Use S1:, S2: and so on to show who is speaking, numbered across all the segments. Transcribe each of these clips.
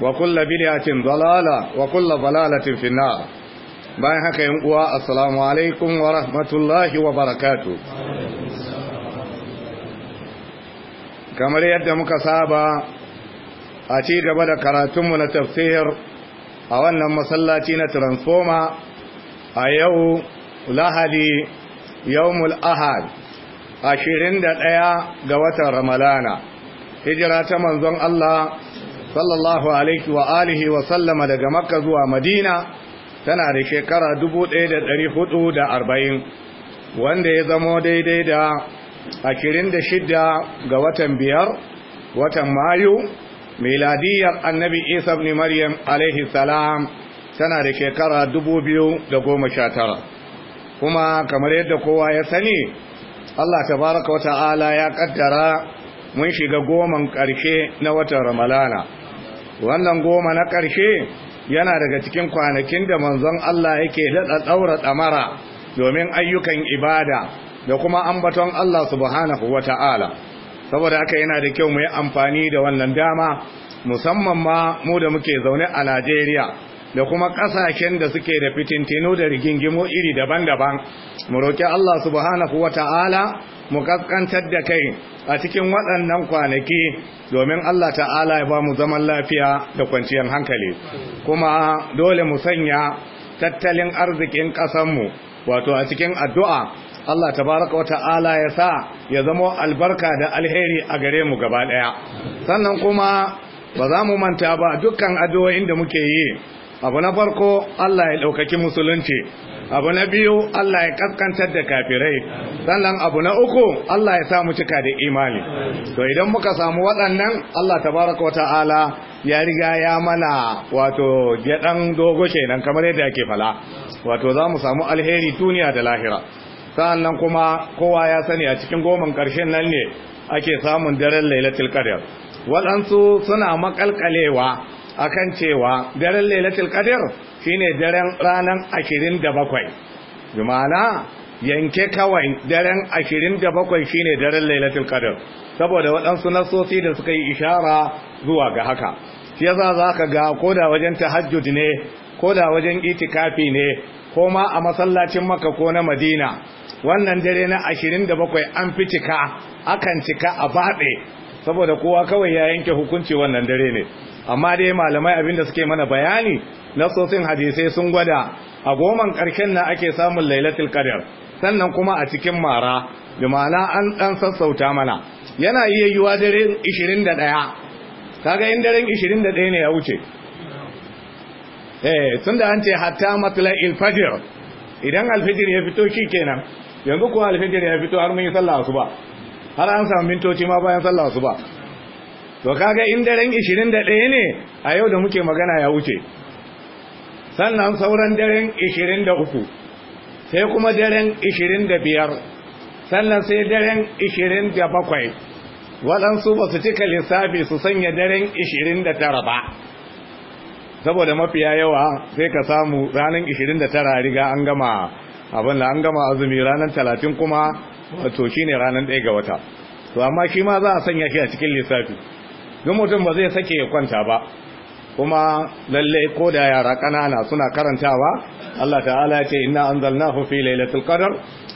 S1: wa kulla bid'atin dalala bayan haka yan uwa asalamu alaikum wa rahmatullahi wa barakatu. kamar yadda muka saba a ci gaba da karatunmu na tafsir a wannan masallaci na transformer a yau lahadi yawmul ahad ashirin da ɗaya ga watan Ramadana, hijira ta manzon Allah sallallahu alaihi wa alihi wa sallama daga makka zuwa madina tana da shekara 1440 wanda ya zamo daidai da da 26 ga watan biyar watan mayu miladiyar annabi isa ibn maryam alaihi salam tana da shekara 2019 kuma kamar yadda kowa ya sani Allah tabaraka wa ta'ala ya kaddara mun shiga goman ƙarshe na watan ramalana wannan goma na ƙarshe yana daga cikin kwanakin da manzon Allah yake daɗa ɗaura ɗamara domin ayyukan ibada da kuma ambaton Allah subhanahu wa ta'ala saboda haka yana da kyau mu yi amfani da wannan dama musamman ma mu da muke zaune a Najeriya da kuma ƙasashen da suke da fitintinu da rigingimo iri daban-daban mu roƙi Allah subhanahu wata'ala mu kaskantar da kai a cikin waɗannan kwanaki domin Allah ta'ala ya ba mu zaman lafiya da kwanciyar hankali kuma dole mu sanya tattalin arzikin ƙasanmu wato a cikin addu'a Allah tabaraka wa ta'ala ya sa ya zama albarka da alheri a gare mu gaba ɗaya sannan kuma ba za mu manta ba dukkan addu'o'in da muke yi abu na farko Allah ya ɗaukaki musulunci abu na biyu Allah ya kaskantar da kafirai sannan abu na uku Allah ya samu cika da imani to idan muka samu waɗannan Allah tabaraka wa ta'ala ya riga ya mana wato gyaɗan dan dogo kenan kamar yadda ake fala wato za mu samu alheri duniya da lahira sannan kuma kowa ya sani a cikin goman ƙarshen nan ne ake samun daren lailatul qadr waɗansu suna makalkalewa akan cewa daren lailatul qadr shine daren ranan 27 jumana yanke kawai daren 27 shine daren lailatul qadr saboda waɗansu nasosi da suka yi ishara zuwa ga haka shi yasa zaka ga koda wajen tahajjud ne koda wajen itikafi ne ko ma a masallacin Makka ko na madina wannan dare na 27 an fi cika akan cika a baɗe saboda kowa kawai ya yanke hukunci wannan dare ne amma dai malamai abinda suke mana bayani nasosin hadisai sun gwada a goman ƙarshen na ake samun lailatul qadar sannan kuma a cikin mara bi ma'ana an dan sassauta mana yana iya yiwa daren 21 kaga in daren 21 ne ya wuce eh tunda an ce hatta matla'il fajr idan alfajr ya fito kenan yanzu ko alfajr ya fito har mun yi sallah asuba har an samu mintoci ma bayan sallah asuba to kaga in daren 21 ne a yau da muke magana ya wuce sannan sauran daren 23 sai kuma daren 25 sannan sai daren 27 waɗansu ba su cika lissafi su sanya daren 29 ba saboda mafiya yawa sai ka samu ranar 29 riga an gama abin da an gama azumi ranar 30 kuma wato shi ne ranar 1 ga wata to amma shi ma za a sanya shi a cikin lissafi don mutum ba zai sake ya kwanta ba kuma lalle ko da yara ƙanana suna karantawa Allah ta'ala ya ce inna anzalnahu fi lailatul qadr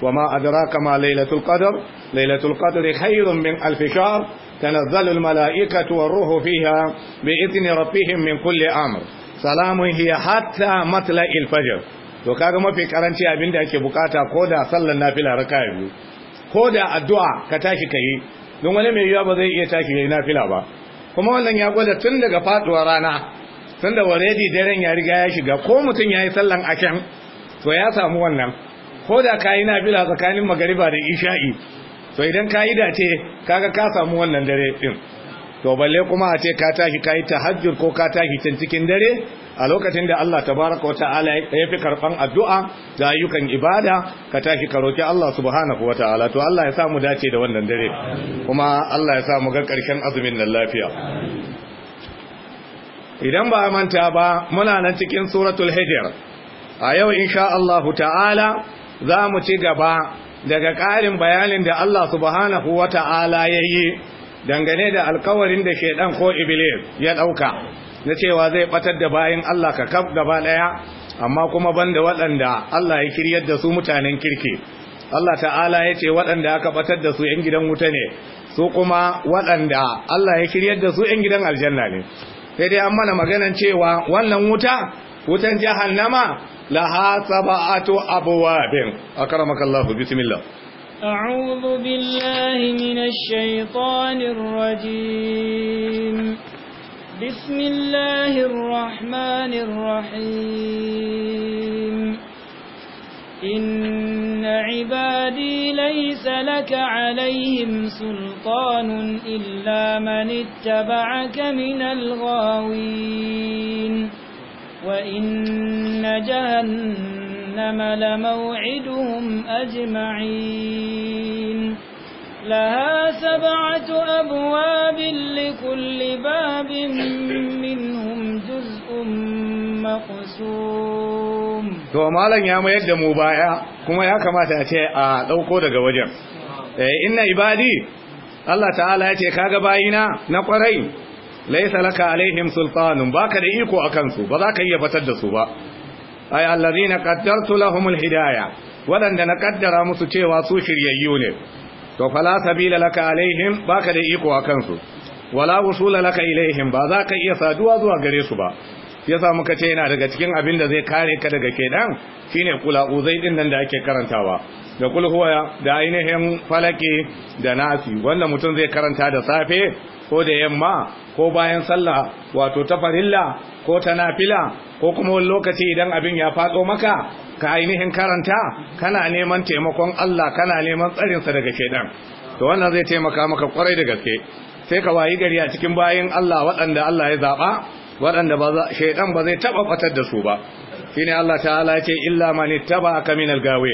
S1: wama adraka ma lailatul qadr lailatul qadri khairun min alf shahr tanazzalu malaikatu war ruhu fiha bi idni rabbihim min kulli amr salamun hiya hatta matla'il fajr to kaga mafi karanci abinda ake bukata ko da sallar nafila ya biyu ko da addu'a ka tashi kai don wani mai yiwa ba zai iya tashi yayin nafila ba kuma wannan ya gwada tun daga faduwar rana tun da waredi daren ya riga ya shiga ko mutum ya yi sallan aken to ya samu wannan ko da ka yi bila tsakanin magariba da isha'i to idan ka yi dace kaga ka samu wannan dare din to balle kuma a ce ka tashi ka yi tahajjud ko ka tashi can cikin dare a lokacin da Allah tabaraka wa ta'ala ya fi karɓan addu'a da ayyukan ibada ka tashi ka roki Allah subhanahu to Allah ya samu dace da wannan dare kuma Allah ya samu ga karshen azumin nan lafiya idan ba manta ba muna nan cikin suratul hijr a yau insha Allah ta'ala za mu ci gaba daga ƙarin bayanin da Allah subhanahu wa ya yi dangane da alkawarin da shaidan ko iblis ya ɗauka na cewa zai batar da bayan Allah ka kaf gaba daya amma kuma banda waɗanda Allah ya kiryar da su mutanen kirki Allah ta'ala ya ce waɗanda aka batar da su 'yan gidan wuta ne su kuma waɗanda Allah ya kiryar da su 'yan gidan aljanna ne sai dai an mana maganan cewa wannan wuta wutan jahannama laha sab'atu abwabin akramakallahu bismillah
S2: أعوذ بالله من الشيطان الرجيم بسم الله الرحمن الرحيم إن عبادي ليس لك عليهم سلطان إلا من اتبعك من الغاوين وإن جهنم لموعدهم أجمعين لها سبعة أبواب لكل باب منهم جزء مقسوم
S1: to malam ya mayar da mu baya kuma ya kamata a ce a ɗauko daga wajen eh inna ibadi Allah ta'ala ya ce kaga bayina na kwarai laysa laka alaihim sultanun baka da iko a kansu. ba za ka iya fatar da su ba ay allazina qaddartu lahumul hidayah wadanda na ƙaddara musu cewa su shiryayyu ne to fala sabila laka alaihim baka da iko a kansu wala wusula laka ilaihim ba za ka iya saduwa zuwa gare su ba yasa muka ce yana daga cikin abin da zai kare ka daga kenan shine kula uzai din nan da ake karantawa da kul da ainihin falaki da nasi wanda mutum zai karanta da safe ko da yamma ko bayan sallah wato ta farilla ko ta nafila ko kuma wani lokaci idan abin ya fatso maka ka ainihin karanta kana neman taimakon Allah kana neman tsarinsa daga shaidan to wannan zai taimaka maka kwarai da gaske sai ka wayi gari a cikin bayan Allah waɗanda Allah ya zaɓa waɗanda shaidan ba zai taɓa fatar da su ba shine Allah ta'ala ya ce illa man ka minal gawe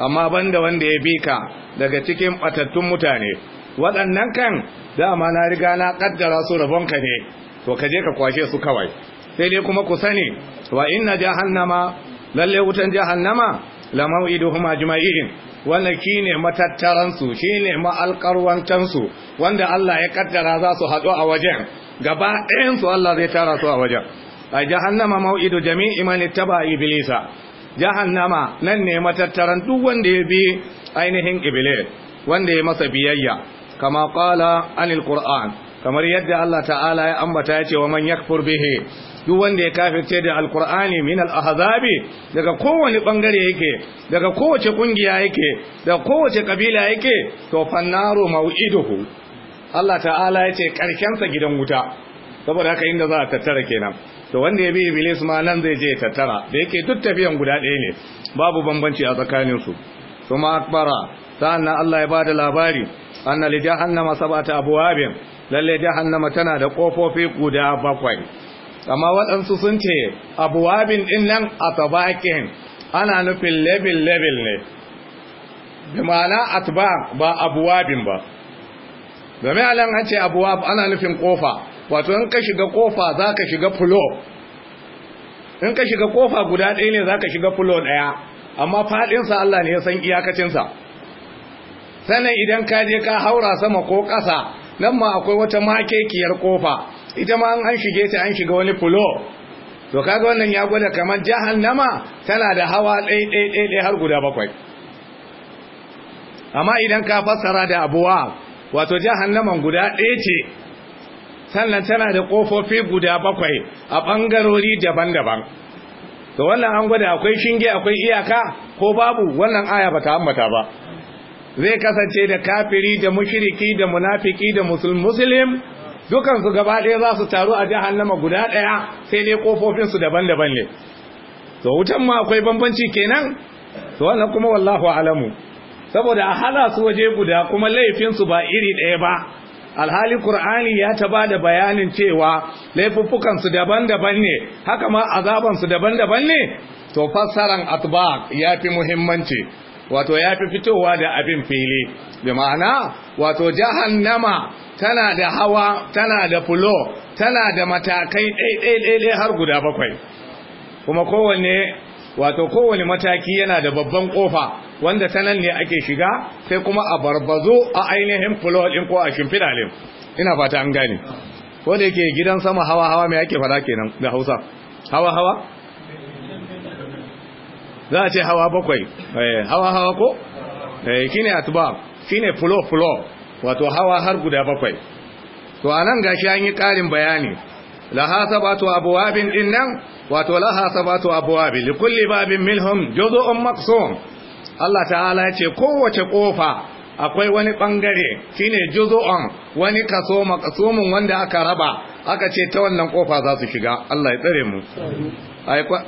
S1: amma banda wanda ya bi ka daga cikin fatattun mutane waɗannan kan dama na riga na kaddara su rabonka ne to ka je ka kwashe su kawai sai dai kuma ku sani wa inna jahannama lalle wutan jahannama la mau'iduhum ajma'in wannan shine matattaran su shine alqarwantan su wanda Allah ya kaddara za su hado a wajen gaba ɗayan su Allah zai tara su a wajen a jahannama mau'idu jami'i man ittaba iblisa jahannama nan ne matattaran duk wanda ya bi ainihin iblis wanda ya masa biyayya kama qala anil qur'an kamar yadda Allah ta'ala ya ambata ya ce wa man yakfur bihe. duk wanda ya kafirce da alqur'ani min al-ahzabi daga kowane bangare yake daga kowace kungiya yake daga kowace kabila yake to fannaru mau'iduhu Allah ta'ala ya ce karkensa gidan wuta saboda haka inda za a tattara kenan to wanda ya bi iblis ma nan zai je tattara da yake duk tafiyan guda ɗaya ne babu bambanci a tsakaninsu kuma akbara sa'annan Allah ya bada labari anna li jahannama sabata abwabin lalle jahannama tana da kofofi guda bakwai amma waɗansu sun ce abwabin din nan atabakin ana nufin level level ne bi ma'ana atba ba abwabin ba game alan an ce abwab ana nufin kofa wato in ka shiga kofa zaka shiga floor in ka shiga kofa guda ɗaya ne zaka shiga floor ɗaya amma faɗinsa Allah ne ya san iyakacinsa sannan idan ka je ka haura sama ko ƙasa nan ma akwai wata makekiyar kofa ita ma an shige ta an shiga wani fulo to kaga wannan ya gwada kamar jahannama tana da hawa ɗai-ɗai-ɗai-ɗai har guda bakwai amma idan ka fassara da abuwa wato jahannaman guda ɗaya ce sannan tana da ƙofofi guda bakwai a ɓangarori daban-daban to wannan an gwada akwai shinge akwai iyaka ko babu wannan aya ba ta ambata ba zai kasance da kafiri da mushriki da munafiki da musulm dukan su gaba ɗaya za su taru a jahannama guda ɗaya sai dai kofofin su daban-daban ne to wutan ma akwai bambanci kenan to wannan kuma wallahu alamu saboda a hala su waje guda kuma laifin su ba iri ɗaya ba alhali qur'ani ya ta da bayanin cewa laifuffukan su daban-daban ne haka ma azaban su daban-daban ne to fassaran ya fi muhimmanci wato ya fi fitowa da abin fili bi ma'ana wato jahannama tana da hawa tana da fulo tana da matakai ɗaiɗaiɗaiɗai har guda bakwai kuma kowanne wato kowane mataki yana da babban kofa wanda ta ne ake shiga sai kuma a barbazo a ainihin fulo ɗin ko a shimfiɗa ina fata an gane ko da yake gidan sama hawa hawa mai ake fara kenan da hausa hawa hawa za a ce hawa bakwai eh, hawa hawa ko kine eh, atbab Kine fulo fulo wato hawa har guda bakwai to a nan gashi an yi karin bayani laha sabatu abwabin din nan wato laha sabatu abwabi li kulli babin minhum juz'un maqsum Allah ta'ala ya ce kowace kofa akwai wani bangare shine juz'un wani kaso maqsumun wanda aka raba aka ce ta wannan kofa za su shiga Allah ya tsare mu ai qad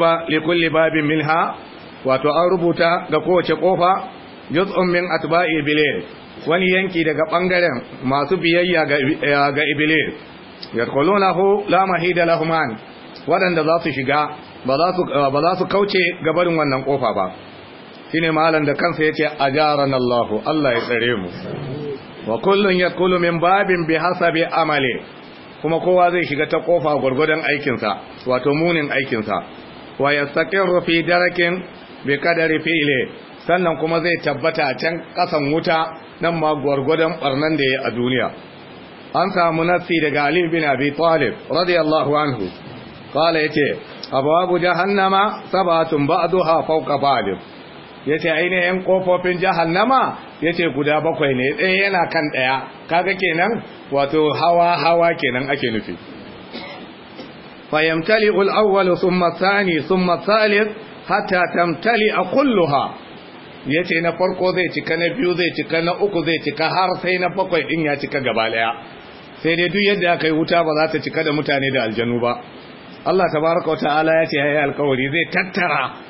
S1: ba li kulli babin minha wato an rubuta ga kowace kofa juz'un min atba'i bilayl wani yanki daga bangaren masu biyayya ga eh, iblis hu la mahida lahum an wadanda za su shiga ba za su eh, ba za su kauce gabarin wannan kofa ba shine malan da kansa yace ajaran Allah Allah ya tsare mu wa kullun yadkhulu min babin bihasabi amali kuma kowa zai shiga ta kofa gwargwadon aikinsa wato munin aikinsa wa yastaqirru fi darakin bi qadari fi'li sannan kuma zai tabbata a can kasan wuta nan ma gwargwadon barnan da yayi a duniya an samu nasi daga Ali bin Abi Talib radiyallahu anhu qala yace abwabu jahannama sab'atun ba'daha fawqa ba'd yace ainihin kofofin jahannama yace guda bakwai ne ɗaya yana kan ɗaya kaga kenan wato hawa hawa kenan ake nufi fayamtali al-awwal thumma thani thumma thalith hatta tamtali kulluha yace na farko zai cika na biyu zai cika na uku zai cika har sai na bakwai ɗin ya cika gaba ɗaya. sai dai duk yadda aka yi wuta ba za ta cika da mutane da aljanu ba Allah tabaraka wa ta'ala ya ce ya yi alkawari zai tattara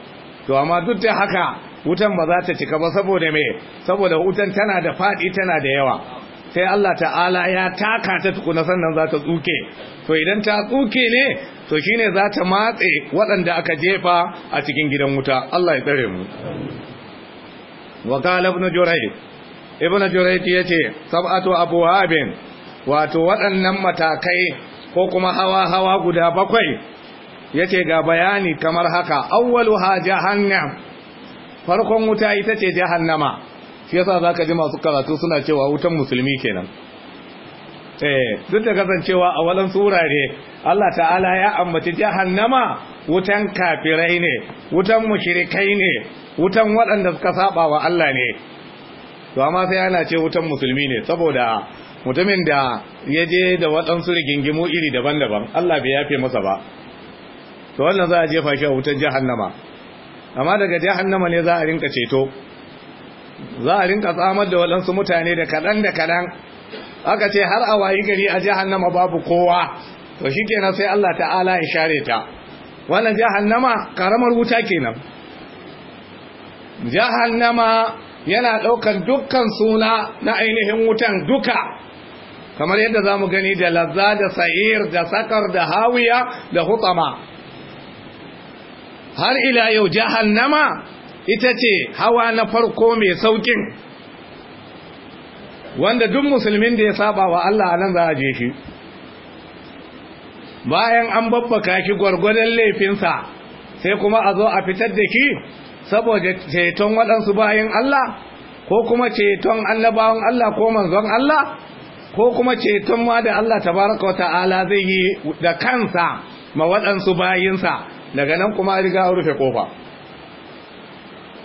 S1: to amma duk da haka wutan ba za ta cika ba saboda me saboda wutan tana da faɗi tana da yawa sai Allah ta'ala ya taka ta tukuna sannan za ta tsuke to idan ta tsuke ne to shine za ta matse waɗanda aka jefa a cikin gidan wuta Allah ya tsare mu wa qala ibn jurayh ibn jurayd yace sab'atu abwabin wato waɗannan matakai ko kuma hawa hawa guda bakwai Yake ga bayani kamar haka ha jahannam farkon wuta ita ce jahannama shi yasa zaka ji masu karatu suna cewa wutan musulmi kenan eh duk da kasancewa a walan ne, Allah ta'ala ya ambaci jahannama wutan kafirai ne wutan mushrikai ne wutan waɗanda suka saba wa Allah ne to amma sai ana ce wutan musulmi ne saboda mutumin da ya je da waɗansu rigingimu iri daban-daban Allah bai yafe masa ba to wannan za a jefa shi a wutar jahannama amma daga jahannama ne za a rinka ceto za a rinka tsamar da waɗansu mutane da kaɗan da kaɗan aka ce har a wayi gari a jahannama babu kowa to shi kenan sai Allah ta'ala ya share ta wannan jahannama karamar wuta kenan jahannama yana ɗaukar dukkan suna na ainihin wutan duka kamar yadda za mu gani da lazza da sa'ir da sakar da hawiya da hutama har ila yau jahannama ita ce hawa na farko mai saukin wanda duk musulmin da ya saba wa Allah nan za a je shi bayan an babbaka ki gwargwadon laifinsa sai kuma a zo a fitar da ki saboda ceton waɗansu bayan Allah ko kuma ceton annabawan Allah ko manzon Allah ko kuma ceton ma da Allah tabaraka ta'ala zai yi da kansa ma waɗansu bayinsa daga nan kuma riga an rufe kofa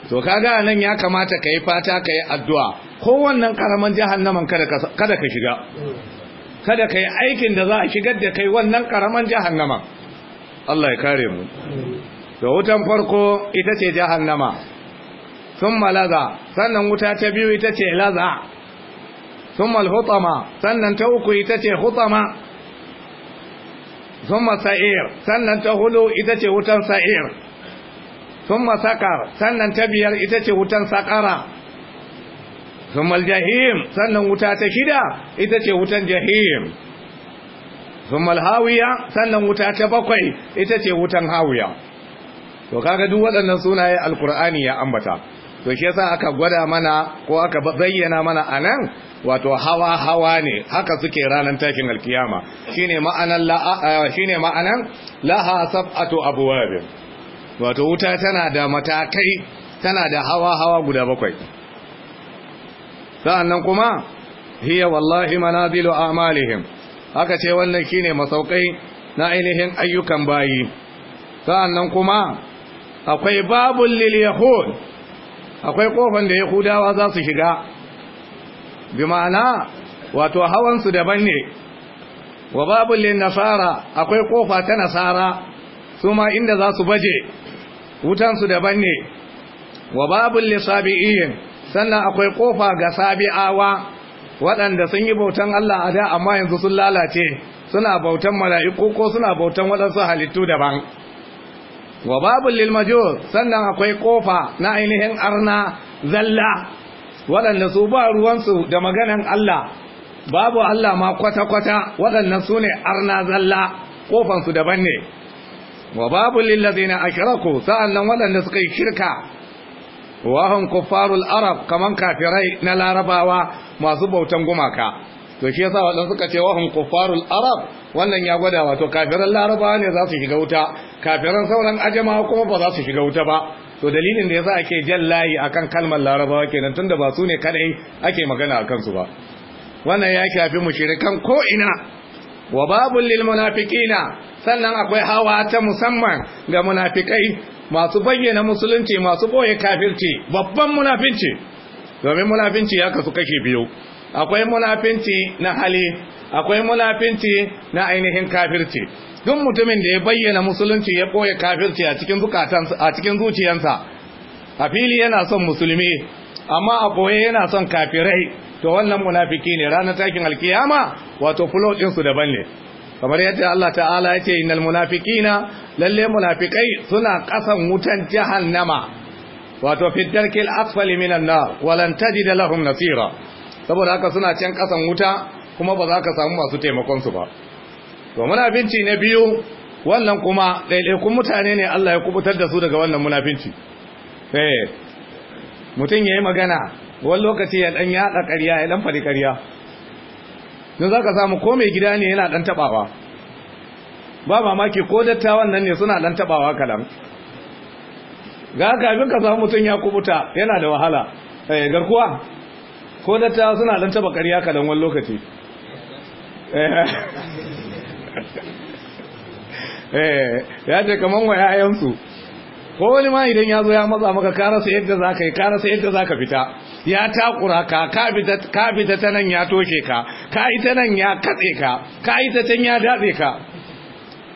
S1: to kaga nan ya kamata ka yi fata ka yi addu'a kowannan karaman jahannaman kada ka shiga kada ka yi aikin da za a shigar da kai wannan karaman jahannaman Allah ya kare mu da wutan farko ita ce jahannama sun malaza sannan wuta ta biyu ita ce laza sun malhutama sannan ta uku ita ce hutama thumma sa'ir sannan ta hudu ita ce wutan sa'ir thumma saqar sannan ta biyar ita ce wutan saqara thumma al-jahim wuta ta shida ita ce wutan jahim thumma hawiya sannan wuta ta bakwai ita ce wutan hawiya to kaga duk waɗannan sunaye alqur'ani ya ambata to shi yasa aka gwada mana ko aka zayyana mana anan wato hawa hawa ne haka suke ranar takin alkiyama shine ma'anan la shine ma'anan laha sab'atu abwab wato wuta tana da matakai tana da hawa hawa guda bakwai sa'annan kuma hiya wallahi manazilu a'malihim haka ce wannan shine masaukai na ainihin ayyukan bayi sa'annan kuma akwai babul lil yahud akwai kofan da yahudawa za su shiga bi ma'ana wato hawansu daban ne wa babu lin nasara akwai kofa ta nasara su inda za su baje wutansu daban ne wa babu lisabi'in sannan akwai kofa ga sabi'awa waɗanda sun yi bautan Allah a da amma yanzu sun lalace suna bautan mala'iku ko suna bautan waɗansu halittu daban wa babu lil majus sannan akwai kofa na ainihin arna zalla waɗanda su ba ruwansu da maganan Allah babu Allah ma kwata-kwata waɗannan su ne arna zalla kofansu daban ne wa babu lillazina ashraku sa'annan waɗanda suka yi shirka Wahan kufarul arab kaman kafirai na larabawa masu bautan gumaka to shi yasa waɗanda suka ce wa hum arab wannan ya gwada wato kafiran larabawa ne za su shiga wuta kafiran sauran ajamawa kuma ba za su shiga wuta ba to dalilin da yasa ake jan layi akan kalmar larabawa kenan tunda ba su ne kadai ake magana akan su ba wannan ya shafi mushrikan ko ina wa babul lil munafiqina sannan akwai hawa ta musamman ga munafikai masu bayyana musulunci masu boye kafirci babban munafinci domin munafinci ya kasu kashe biyu akwai munafinci na hali akwai munafinci na ainihin kafirci duk mutumin da ya bayyana musulunci ya koya kafirci a cikin a cikin zuciyarsa a fili yana son musulmi amma a ɓoye yana son kafirai to wannan munafiki ne ranar takin alkiyama wato fulo ɗinsu daban ne kamar yadda Allah ta'ala ya ce innal munafiqina lalle munafikai suna ƙasan wutan jahannama wato fi darkil asfali minan nar walan tajid lahum nasira saboda haka suna can kasan wuta kuma ba za ka samu masu taimakon su ba to binci na biyu wannan kuma ɗaiɗaikun mutane ne Allah ya kubutar da su daga wannan munafinci eh mutum ya yi magana wani lokaci ya ɗan yaɗa ƙarya ya ɗan faɗi ƙarya don za ka samu ko mai gida ne yana ɗan taɓawa ba mamaki ko dattawan nan ne suna ɗan taɓawa kalam ga kafin ka samu mutum ya kubuta yana da wahala eh garkuwa ko dattawa suna ɗan taɓa ƙarya kalam wani lokaci eh. eh ya ce kaman wa yayansu ko wani ma idan ya zo ya matsa maka ka rasa yadda za ka yi ka rasa yadda za ka fita ya takura ka ka fita ta nan ya toshe ka ka yi ta nan ya katse ka ka yi ta can ya datse ka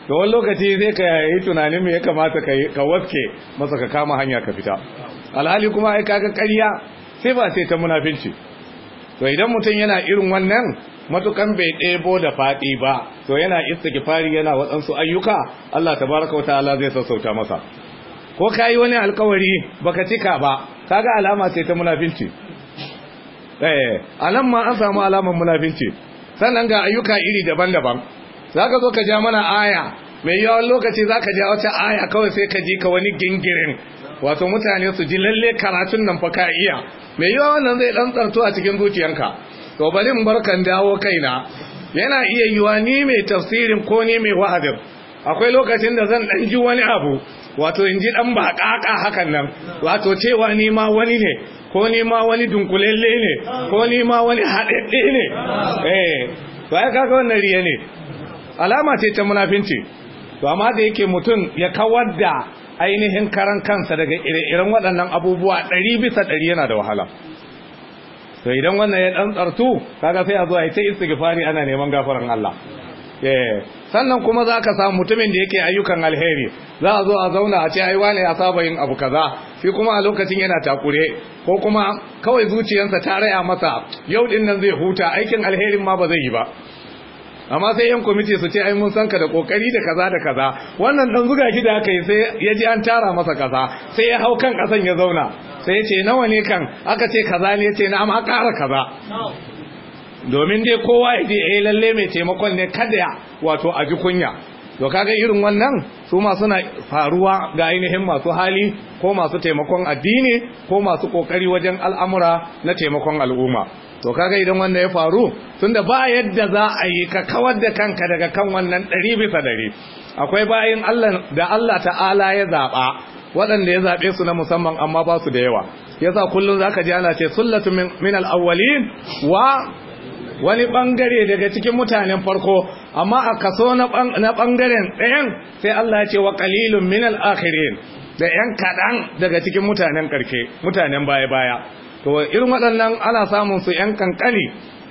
S1: da wani lokaci zai ka yi tunanin me ya kamata ka waske masa ka kama hanya ka fita alhali kuma ai kaga ƙarya sai ba sai ta munafinci to idan mutum yana irin wannan matukan bai ɗebo da faɗi ba to yana istighfari yana waɗansu ayyuka Allah tabaraka wataala zai sassauta masa ko kai wani alkawari baka cika ba kaga alama sai ta munafinci eh nan ma an samu alamar munafinci sannan ga ayyuka iri daban-daban zaka zo ka ja mana aya mai yawan lokaci zaka ja wata aya kawai sai ka ji ka wani gingirin wato mutane su ji lalle karatun nan fa iya mai yawan nan zai dan tsarto a cikin zuciyanka to bari in barkan dawo kaina yana iya yiwa ni mai tafsirin ko ni mai wa'azin akwai lokacin da zan dan ji wani abu wato in ji dan baƙaƙa hakan nan wato cewa ni ma wani ne ko ni ma wani dunkulelle ne ko ni ma wani haɗaɗɗe ne eh ai kaga wannan riya ne alama ce ta munafinci to amma da yake mutum ya kawar da ainihin karan kansa daga ire-iren waɗannan abubuwa ɗari bisa ɗari yana da wahala to idan wannan ya dan tsartu kaga sai a zo yi ta istighfari ana neman gafaran Allah eh, sannan kuma za ka samu mutumin da yake ayyukan alheri za a zo a zauna a ce ai wane ya saba yin abu kaza shi kuma a lokacin yana takure ko kuma kawai zuciyarsa ta raya masa yau din nan zai huta aikin alherin ma ba zai yi ba amma sai yan kwamiti su ce ai mun san ka da kokari da kaza da kaza wannan dan zuga shi da aka yi sai ya ji an tara masa kaza sai ya hau kan kasan ya zauna sai ya ce nawa ne kan aka ce kaza ne ya ce na amma kara kaza domin dai kowa ya je eh lalle mai taimakon ne kada ya wato a ji kunya to kaga irin wannan su ma suna faruwa ga ainihin masu hali ko masu taimakon addini ko masu kokari wajen al'amura na taimakon al'umma to kaga idan wanda ya faru tunda ba yadda za a yi ka kawar da kanka daga kan wannan ɗari bisa ɗari akwai bayan Allah da Allah ta'ala ya zaɓa waɗanda ya zaɓe su na musamman amma ba su da yawa yasa kullum zaka ji ana ce sullatu min al-awwalin wa wani bangare daga cikin mutanen farko amma a kaso na bangaren ɗayan sai Allah ya ce wa qalilun min al da yan kaɗan daga cikin mutanen ƙarke mutanen baya-baya to irin waɗannan ana samun su yan kankani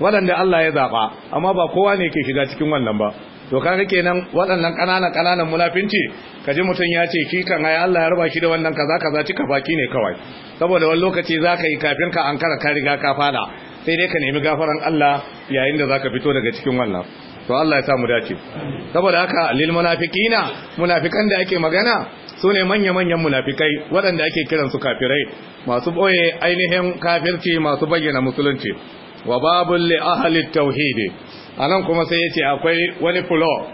S1: waɗanda Allah ya zaɓa amma ba kowa ne ke shiga cikin wannan ba to kaga nan waɗannan ƙananan ƙananan munafinci ji mutum ya ce ki kan ai Allah ya raba shi da wannan kaza kaza cika baki ne kawai saboda wani lokaci zaka yi kafin ka ankara ka riga ka fada sai dai ka nemi gafaran Allah yayin da za ka fito daga cikin wannan to Allah ya sa mu dace saboda haka lil munafiqina munafikan da ake magana su ne manya-manyan munafikai waɗanda ake kiran su kafirai masu ɓoye ainihin kafirci masu bayyana musulunci wa babun li ahli tauhidi anan kuma sai yace akwai wani fulo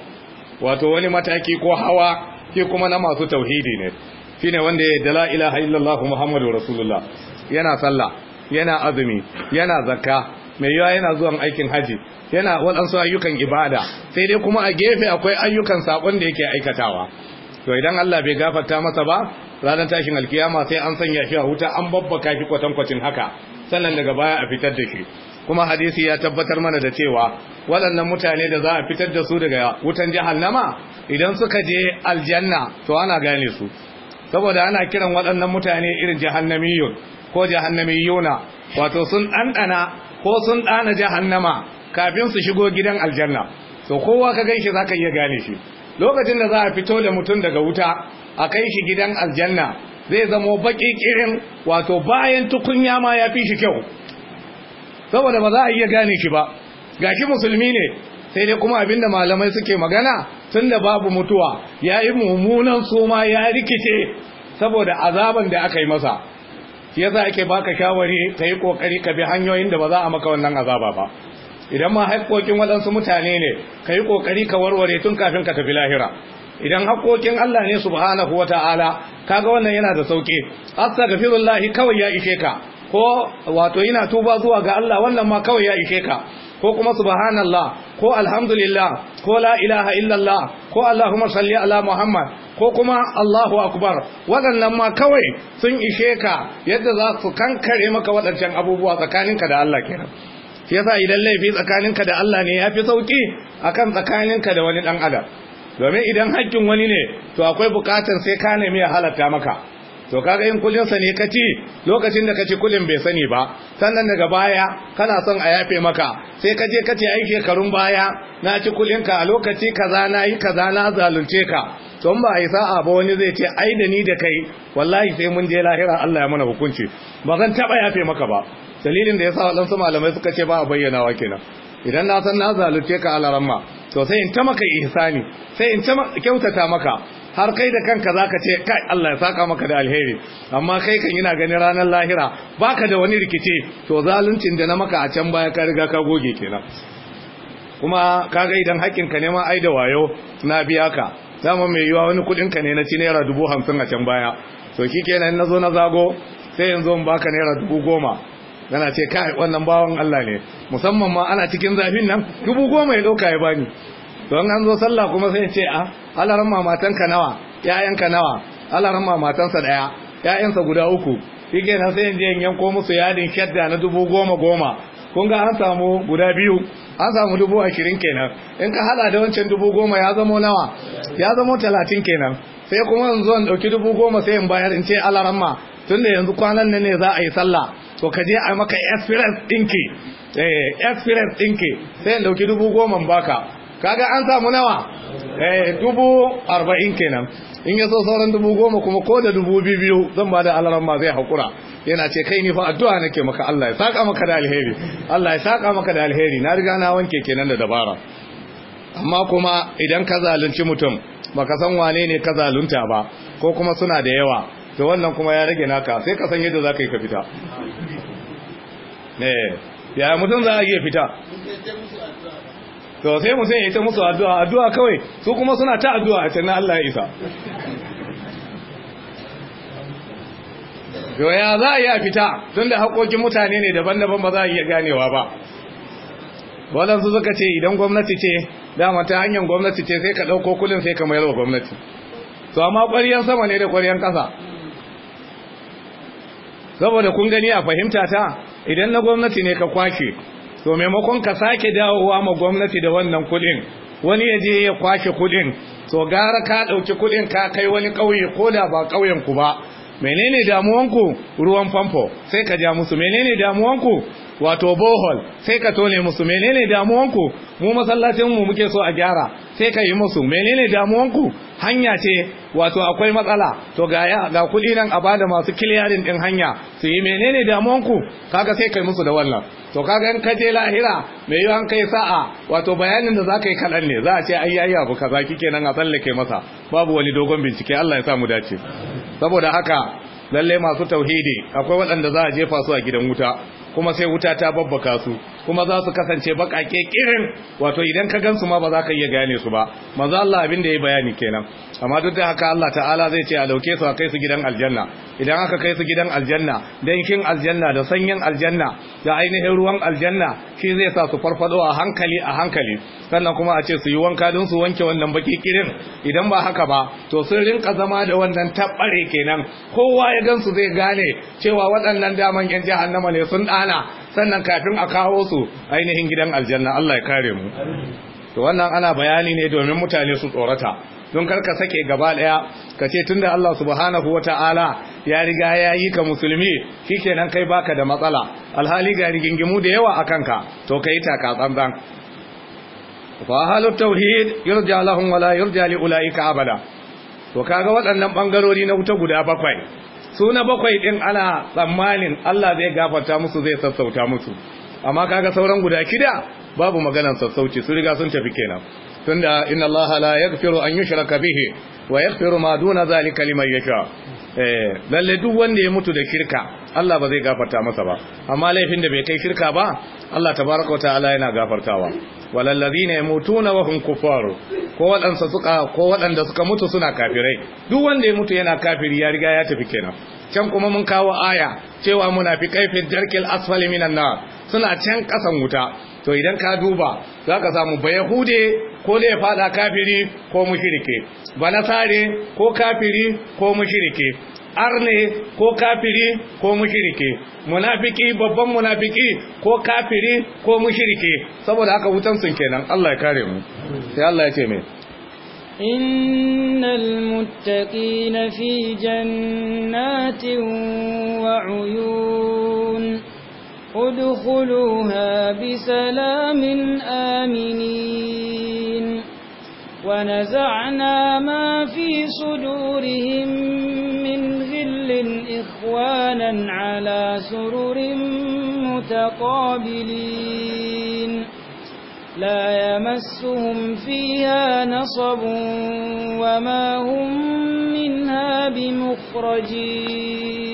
S1: wato wani mataki ko hawa ke kuma na masu tauhidi ne shine wanda ya da la ilaha illallah muhammadu rasulullah yana sallah yana azumi yana zakka mai yawa yana zuwan aikin haji yana waɗansu ayyukan ibada sai dai kuma a gefe akwai ayyukan sakon da yake aikatawa to idan Allah bai gafarta masa ba ranar tashin alkiyama sai an sanya shi a wuta an babbaka shi kwatankwacin haka sannan daga baya a fitar da shi kuma hadisi ya tabbatar mana da cewa waɗannan mutane da za a fitar da su daga wutan jahannama idan suka je aljanna to ana gane su saboda ana kiran waɗannan mutane irin jahannamiyun ko jahannamiyuna wato sun ɗanɗana ko sun ɗana jahannama kafin su shigo gidan aljanna to kowa ka gan shi za ka iya gane shi lokacin da za a fito da mutum daga wuta a kai shi gidan aljanna zai zamo baki kirin wato bayan tukunya ma ya fi shi kyau saboda ba za a iya gane shi ba ga shi musulmi ne sai dai kuma abinda malamai suke magana tun da babu mutuwa ya yi mummunan ma ya rikice saboda azaban da aka yi masa shi yasa ake baka shawari ka yi kokari ka bi hanyoyin da ba za a maka wannan azaba ba idan ma haƙoƙin waɗansu mutane ne ka yi ƙoƙari ka warware tun kafin ka tafi lahira idan haƙoƙin Allah ne subhanahu wa ta'ala kaga wannan yana da sauƙi firullahi kawai ya ishe ka ko wato yana tuba zuwa ga Allah wannan ma kawai ya ishe ka ko kuma subhanallah ko alhamdulillah ko la ilaha illallah ko allahumma salli ala muhammad ko kuma allahu akbar waɗannan ma kawai sun ishe ka yadda za su kankare maka waɗancan abubuwa tsakaninka da Allah kenan shi yasa idan laifi tsakaninka da Allah ne yafi sauki akan tsakaninka da wani dan adam domin idan hakkin wani ne to akwai bukatar sai ka nemi ya halatta maka to kaga in kullun sa ne ka ci lokacin da ka ci kulin bai sani ba sannan daga baya kana son a yafe maka sai ka je ka ce aike karun baya na ci kullun ka a lokaci kaza na yi kaza na zalunce ka in ba a yi sa'a ba wani zai ce ai da ni da kai wallahi sai mun je lahira Allah ya mana hukunci ba zan taba yafe maka ba dalilin da yasa waɗansu malamai suka ce ba a bayyanawa kenan idan na san na zalunce ka alaramma to sai in ta maka ihsani sai in ta kyautata maka har kai da kanka zaka ce kai Allah ya saka maka da alheri amma kai kan yana ganin ranar lahira baka da wani rikice to zaluncin da na maka a can baya ka riga ka goge kenan kuma ka ga idan hakkin ka ne ma ai da wayo na biya ka dama mai yiwa wani kudin ka ne na ci naira dubu hamsin a can baya to kenan na zo na zago sai yanzu in baka naira dubu goma yana ce kai wannan bawan Allah ne musamman ma ana cikin zafin nan dubu goma ya ɗauka ya bani don an zo sallah kuma sai ce a ah, alaran ka nawa ƴaƴanka nawa alaran daya ɗaya ƴaƴansa guda uku shike na sai yan yanko musu yadin shadda na dubu goma goma kun ga an samu guda biyu an samu dubu ashirin kenan in ka hada da wancan dubu goma ya zamo nawa ya zamo talatin kenan sai kuma in zo in ɗauki dubu goma sai in bayar in ce alaramma tunda yanzu kwanan nan ne za a yi sallah to ka je a maka experience ɗinki eh experience ɗinki sai in dauki dubu goma baka kaga an samu nawa eh dubu arba'in kenan in ya so sauran dubu goma kuma ko da dubu biyu biyu zan ba da alaran ma zai haƙura yana ce kai ni fa addu'a nake maka Allah ya saka maka da alheri Allah ya saka maka da alheri na riga na wanke kenan da dabara amma kuma idan ka zalunci mutum baka san wane ne ka zalunta ba ko kuma suna da yawa to wannan kuma ya rage naka sai ka san yadda zaka yi ka fita Eh, ya mutum za a iya fita to sai mutum ya ita musu addu'a addu'a kawai su kuma suna ta addu'a a cikin Allah ya isa to ya za a iya fita tun da haƙoƙin mutane ne daban-daban ba za a iya ganewa ba waɗansu suka ce idan gwamnati ce dama ta hanyar gwamnati ce sai ka ɗauko kulin sai ka mayar wa gwamnati to amma ƙwaryen sama ne da ƙwaryen ƙasa saboda kun gani a fahimta ta idan na gwamnati ne ka kwashe to maimakon ka sake dawowa ma gwamnati da wannan kudin wani ya je ya kwashe kudin to gara ka dauki kudin ka kai wani kauye ko da ba kauyen ku ba menene damuwanku ruwan famfo sai ka ja musu menene damuwanku wato bohol sai ka tone musu menene damuwanku mu masallacin mu muke so a gyara sai ka yi musu menene damuwanku hanya ce wato akwai matsala to ga ga kuɗi nan a bada masu kiliyarin din hanya su yi menene damuwanku kaga sai kai musu da wannan to kaga in ka je lahira me yi an kai sa'a wato bayanin da zaka yi kaɗan ne za a ce ayi yayi abu kaza kike nan a tsallake masa babu wani dogon bincike Allah ya sa mu dace saboda haka lalle masu tauhidi akwai waɗanda za a jefa su a gidan wuta kuma sai wuta ta babbaka su kuma za su kasance bakake kirin wato idan ka gansu ma ba za ka iya gane su ba manzo Allah abin da yayi bayani kenan amma duk da haka Allah ta'ala zai ce a dauke su a kai su gidan aljanna idan aka kai su gidan aljanna dankin aljanna da sanyin aljanna da ainihin ruwan aljanna shi zai sa su farfado a hankali a hankali sannan kuma a ce su yi wanka don su wanke wannan baki kirin idan ba haka ba to sun rinka zama da wannan tabbare kenan kowa ya gansu zai gane cewa waɗannan daman yan jahannama ne sun da amana sannan kafin a kawo su ainihin gidan aljanna Allah ya kare mu to wannan ana bayani ne domin mutane su tsorata don karka sake gaba daya ka ce tunda Allah subhanahu wataala ya riga ya yi ka musulmi shikenan kai baka da matsala alhali ga rigingimu da yawa akan ka to kai taka tsantsan fa halu tauhid yurja lahum wala yurja li ulaika abada to kaga waɗannan bangarori na wuta guda bakwai su na bakwai ɗin ana tsammanin Allah zai gafarta musu zai sassauta musu amma kaga sauran guda kida babu maganar sassauci su riga sun tafi kenan tunda inna Allah la yaghfiru an yushraka bihi wa yaghfiru ma duna zalika liman yasha eh lalle duk wanda ya mutu da shirka Allah ba zai gafarta masa ba amma laifin da bai kai shirka ba Allah tabaraka wataala yana gafartawa ladina yamutuna wa hum kufar ko wadansa suka ko wadanda suka mutu suna kafirai duk wanda ya mutu yana kafiri ya riga ya tafi kenan can kuma mun kawo aya cewa munafiqai fi darkil asfali minan nar suna can kasan wuta to idan ka duba za ka samu ba yahude ko da ya fada kafiri ko mushirike ba nasare ko kafiri ko mushirike arne ko kafiri ko mushirike munafiki babban munafiki ko kafiri ko mushirike saboda haka wutan sun kenan Allah ya kare mu sai Allah ya ce innal
S2: muttaqina fi jannatin wa uyun ادخلوها بسلام آمنين ونزعنا ما في صدورهم من غل إخوانا على سرر متقابلين لا يمسهم فيها نصب وما هم منها بمخرجين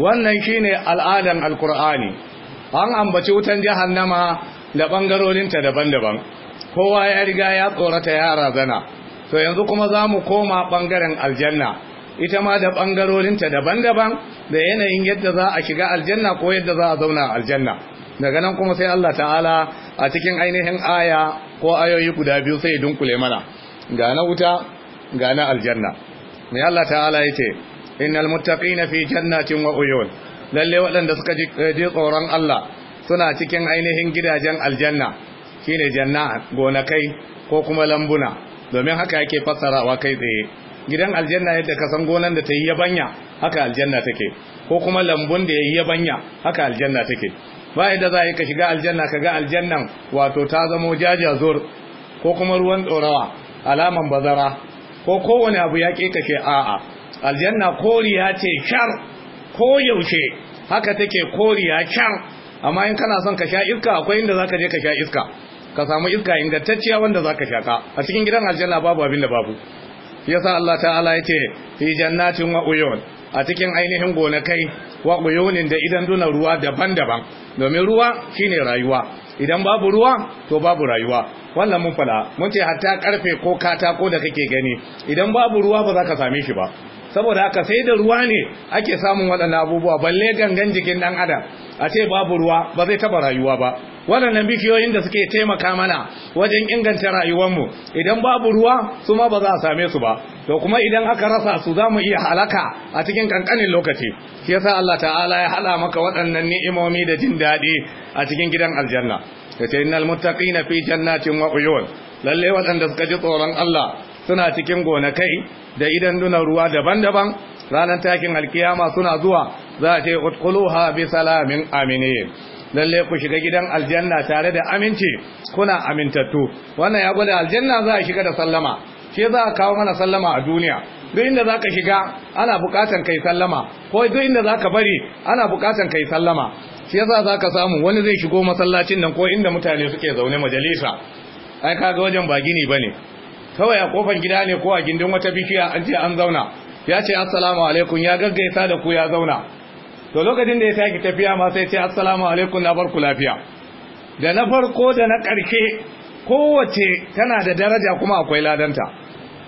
S1: wannan shine الآدم القرآني an ambaci wutan jahannama da bangarorinta daban-daban kowa ya riga ya tsorata ya razana to yanzu kuma za mu koma bangaren aljanna ita ma da bangarorinta daban-daban da yanayin yadda za a shiga aljanna ko yadda za a zauna aljanna daga nan kuma sai Allah ta'ala a cikin ainihin aya ko ayoyi guda biyu sai dunkule mana ga na wuta ga na aljanna mai Allah ta'ala yace innal muttaqina fi jannatin wa uyun lalle waɗanda suka eh, ji tsoron Allah suna cikin ainihin gidajen aljanna shine janna gonakai ko kuma lambuna domin haka yake fassarawa kai tsaye gidan aljanna yadda ka san gonan da ta yi yabanya haka aljanna take ko kuma lambun da ya yi yabanya haka aljanna take ba yadda za a yi ka shiga aljanna ka ga aljannan wato ta zamo zur ko kuma ruwan ɗorawa alaman bazara ko kowane abu ya ka kashe a'a aljanna koriya ce shar ko yaushe haka take koriya can amma in kana son ka sha iska akwai inda zaka je ka sha iska ka samu iska ingantacciya wanda zaka sha ka. a cikin gidan aljanna babu abin da babu yasa Allah ta'ala yace fi jannatin wa uyun a cikin ainihin gonakai wa uyunin da idan duna ruwa daban-daban domin ruwa shine rayuwa idan babu ruwa to babu rayuwa wannan mun fada mun ce hatta karfe ko katako da kake gani idan babu ruwa ba za ka same shi ba saboda haka sai da ruwa ne ake samun waɗannan abubuwa balle gangan jikin ɗan adam a ce babu ruwa ba zai taɓa rayuwa ba waɗannan bikiyoyin da suke taimaka mana wajen inganta rayuwarmu idan babu ruwa su ma ba za a same su ba to kuma idan aka rasa su za mu iya halaka a cikin kankanin lokaci shi yasa Allah ta'ala ya haɗa maka waɗannan ni'imomi da jin daɗi a cikin gidan aljanna ce innal muttaqina fi jannatin wa uyun lalle waɗanda suka ji tsoron Allah suna cikin gonakai da idan duna ruwa daban-daban ranar takin alkiyama suna zuwa za a ce udkhuluha bi salamin aminin lalle ku shiga gidan aljanna tare da aminci kuna amintattu wannan ya gwada aljanna za a shiga da sallama shi za a kawo mana sallama a duniya duk inda za ka shiga ana bukatan kai sallama ko duk inda za ka bari ana bukatan kai sallama shi yasa za ka samu wani zai shigo masallacin nan ko inda mutane suke zaune majalisa ai kaga wajen ba gini bane kawai a kofar gida ne ko a gindin wata bishiya an ce an zauna ya ce assalamu alaikum ya gaggaisa da ku ya zauna to lokacin da ya sake tafiya ma sai ce assalamu alaikum na barku lafiya da na farko da na karshe kowace tana da daraja kuma akwai ladanta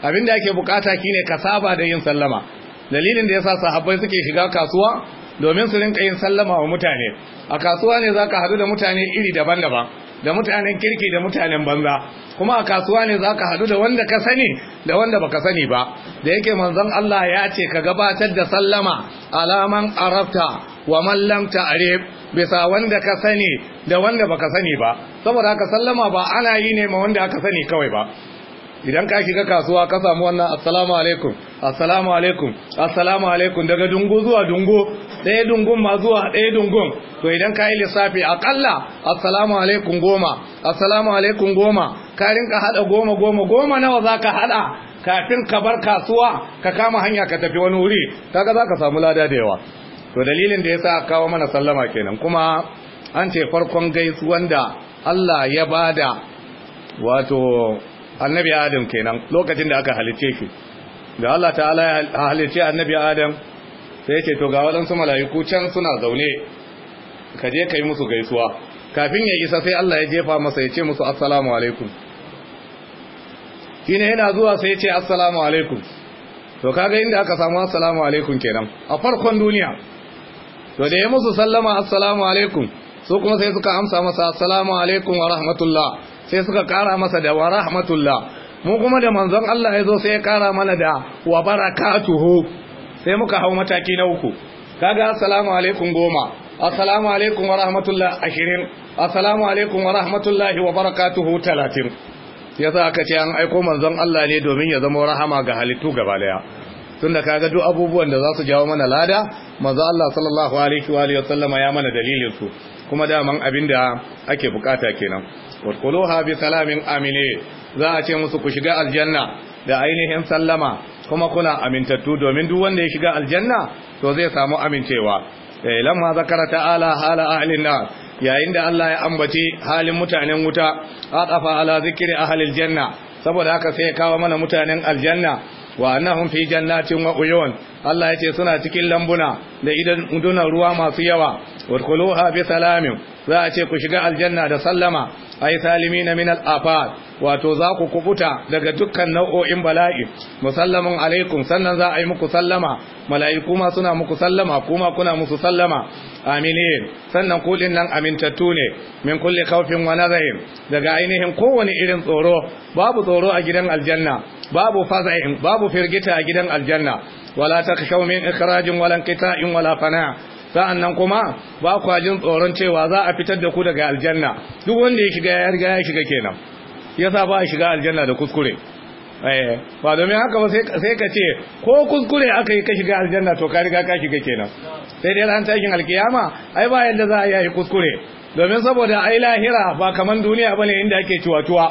S1: abinda ake bukata shine ka saba da yin sallama dalilin da yasa sahabbai suke shiga kasuwa domin su rinka yin sallama wa mutane a kasuwa ne zaka hadu da mutane iri daban-daban da mutanen kirki da mutanen banza kuma a kasuwa ne za ka haɗu da wanda ka sani da wanda baka sani ba da yake manzon Allah ya ce ka gabatar da sallama alaman arabta wa mallam lam bisa wanda ka sani da wanda baka sani ba saboda ka sallama ba ana yi ne ma wanda aka sani kawai ba idan ka shiga kasuwa ka samu wannan assalamu alaikum assalamu alaikum assalamu alaikum daga dungu zuwa dungu ɗaya dungun ma zuwa ɗaya dungun to idan ka yi lissafi aƙalla assalamu alaikum goma assalamu alaikum goma ka rinka haɗa goma goma goma nawa za ka haɗa kafin ka bar kasuwa ka kama hanya ka tafi wani wuri kaga za ka samu lada da yawa to dalilin da ya sa kawo mana sallama kenan kuma an ce farkon gaisuwan da Allah ya bada wato annabi Adam kenan lokacin da aka halice shi da Allah ta'ala ya halice annabi Adam sai ce to ga waɗansu mala'iku can suna zaune ka je ka yi musu gaisuwa kafin ya isa sai Allah ya jefa masa ya ce musu assalamu alaikum Shi ne yana zuwa sai ya ce assalamu alaikum to kaga inda aka samu assalamu alaikum kenan a farkon duniya to da ya musu sallama assalamu alaikum su kuma sai suka amsa masa assalamu alaikum wa rahmatullah sai suka kara masa da wa rahmatullah mu kuma da manzon Allah ya zo sai ya kara mana da wa barakatuhu sai muka hau mataki na uku kaga assalamu alaikum goma assalamu alaikum wa rahmatullah ashirin assalamu alaikum wa rahmatullahi wa barakatuhu talatin ya sa aka ce an aiko manzon Allah ne domin ya zama rahama ga halittu gaba daya tunda kaga duk abubuwan da za su jawo mana lada manzon Allah sallallahu alaihi wa alihi ya mana dalilin su kuma daman abin da ake bukata kenan wadkhuluha bi salamin amine za a ce musu ku shiga aljanna da ainihin sallama kuma kuna amintattu domin duk wanda ya shiga aljanna to zai samu amincewa eh, lamma zakara ta'ala hala ahlin nar yayin da Allah ya ambaci halin mutanen wuta atafa ala zikri halin janna saboda haka sai ya kawo mana mutanen aljanna wa annahum fi jannatin wa uyun Allah yace suna cikin lambuna da idan uduna ruwa masu yawa wadkhuluha bi salamin za a ce ku shiga aljanna da sallama ay salimina min al-afat wato za ku kubuta daga dukkan nau'o'in bala'i musallamun alaikum sannan za a yi muku sallama mala'iku ma suna muku sallama kuma kuna musu sallama aminin sannan kulin nan amintattu ne min kulli khawfin wa nazarin daga ainihin kowane irin tsoro babu tsoro a gidan aljanna babu faza'in babu firgita a gidan aljanna wala takhshaw min ikhrajin wala inqita'in wala fana' nan kuma ba kwajin tsoron cewa za a fitar da ku daga aljanna duk wanda ya shiga ya riga ya shiga kenan sa ba a shiga aljanna da kuskure eh, ba domin haka ba sai ka ce ko kuskure aka yi ka shiga aljanna to ka riga ka shiga kenan sai dai ran tashin alkiyama ai ba yadda za a yi kuskure domin saboda ai lahira ba kaman duniya ba bane inda ake tuwa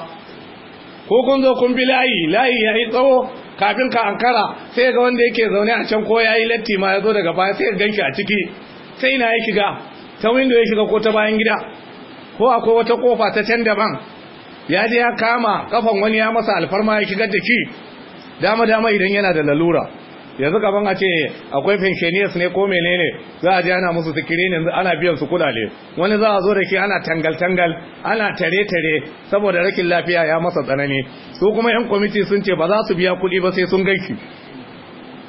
S1: ko kun zo kun bi layi layi ya yi tsawo kafin ka ankara sai ga wanda yake zaune a can ko ya yi latti ma ya zo daga baya sai ya ganki a ciki ta ina ya shiga ta windo ya shiga ko ta bayan gida ko akwai wata kofa ta can daban ya je ya kama kafan wani ya masa alfarma ya shigar da shi dama dama idan yana da lalura yanzu kaban a ce akwai pensioners ne ko menene za a je ana musu ne ana biyan su kudale wani za a zo da shi ana tangal tangal ana tare tare saboda rakin lafiya ya masa tsanani su kuma yan kwamiti sun ce ba za su biya kuɗi ba sai sun ganki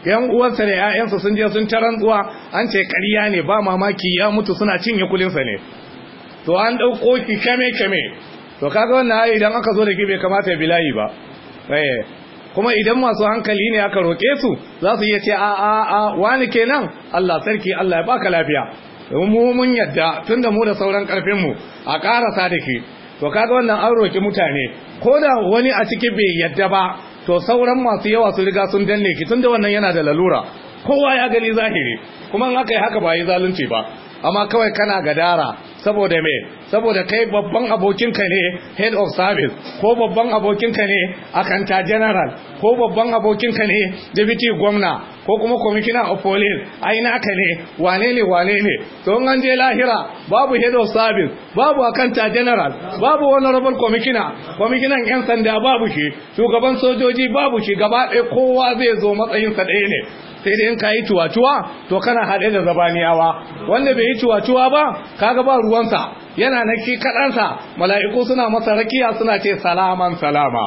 S1: yan uwansa ne ƴaƴansa sun je sun taran an ce ƙarya ne ba mamaki ya mutu suna cinye kulinsa ne to an ɗauko ki kame kame to kaga wannan ayi idan aka zo da ki bai kamata ya bilayi ba eh, kuma idan masu hankali ne aka roƙe su za su iya ce a a a wani kenan Allah sarki Allah ya baka lafiya mu mun yadda tunda mu da sauran karfin mu a karasa da to kaga wannan an roƙi mutane ko da wani a ciki bai yadda ba to sauran masu yawa su riga sun danne ki tunda wannan yana da lalura kowa ya gani zahiri kuma in aka yi haka ba yi zalunci ba amma kawai kana gadara saboda me saboda kai babban abokinka ne head of service ko babban abokinka ne akanta general ko babban abokinka ne deputy gwamna ko kuma commissioner of police ai naka ne wane ne wane ne to an je lahira babu head of service babu akanta general babu honorable commissioner commissioner yan sanda babu shi shugaban sojoji babu shi gaba ɗaya kowa zai zo matsayinsa ɗaya ne sai dai in ka yi tuwatuwa to kana haɗe da zabaniyawa wanda bai yi tuwatuwa ba kaga ba ruwansa yana na ki kaɗansa mala'iku suna masa rakiya suna ce salaman salama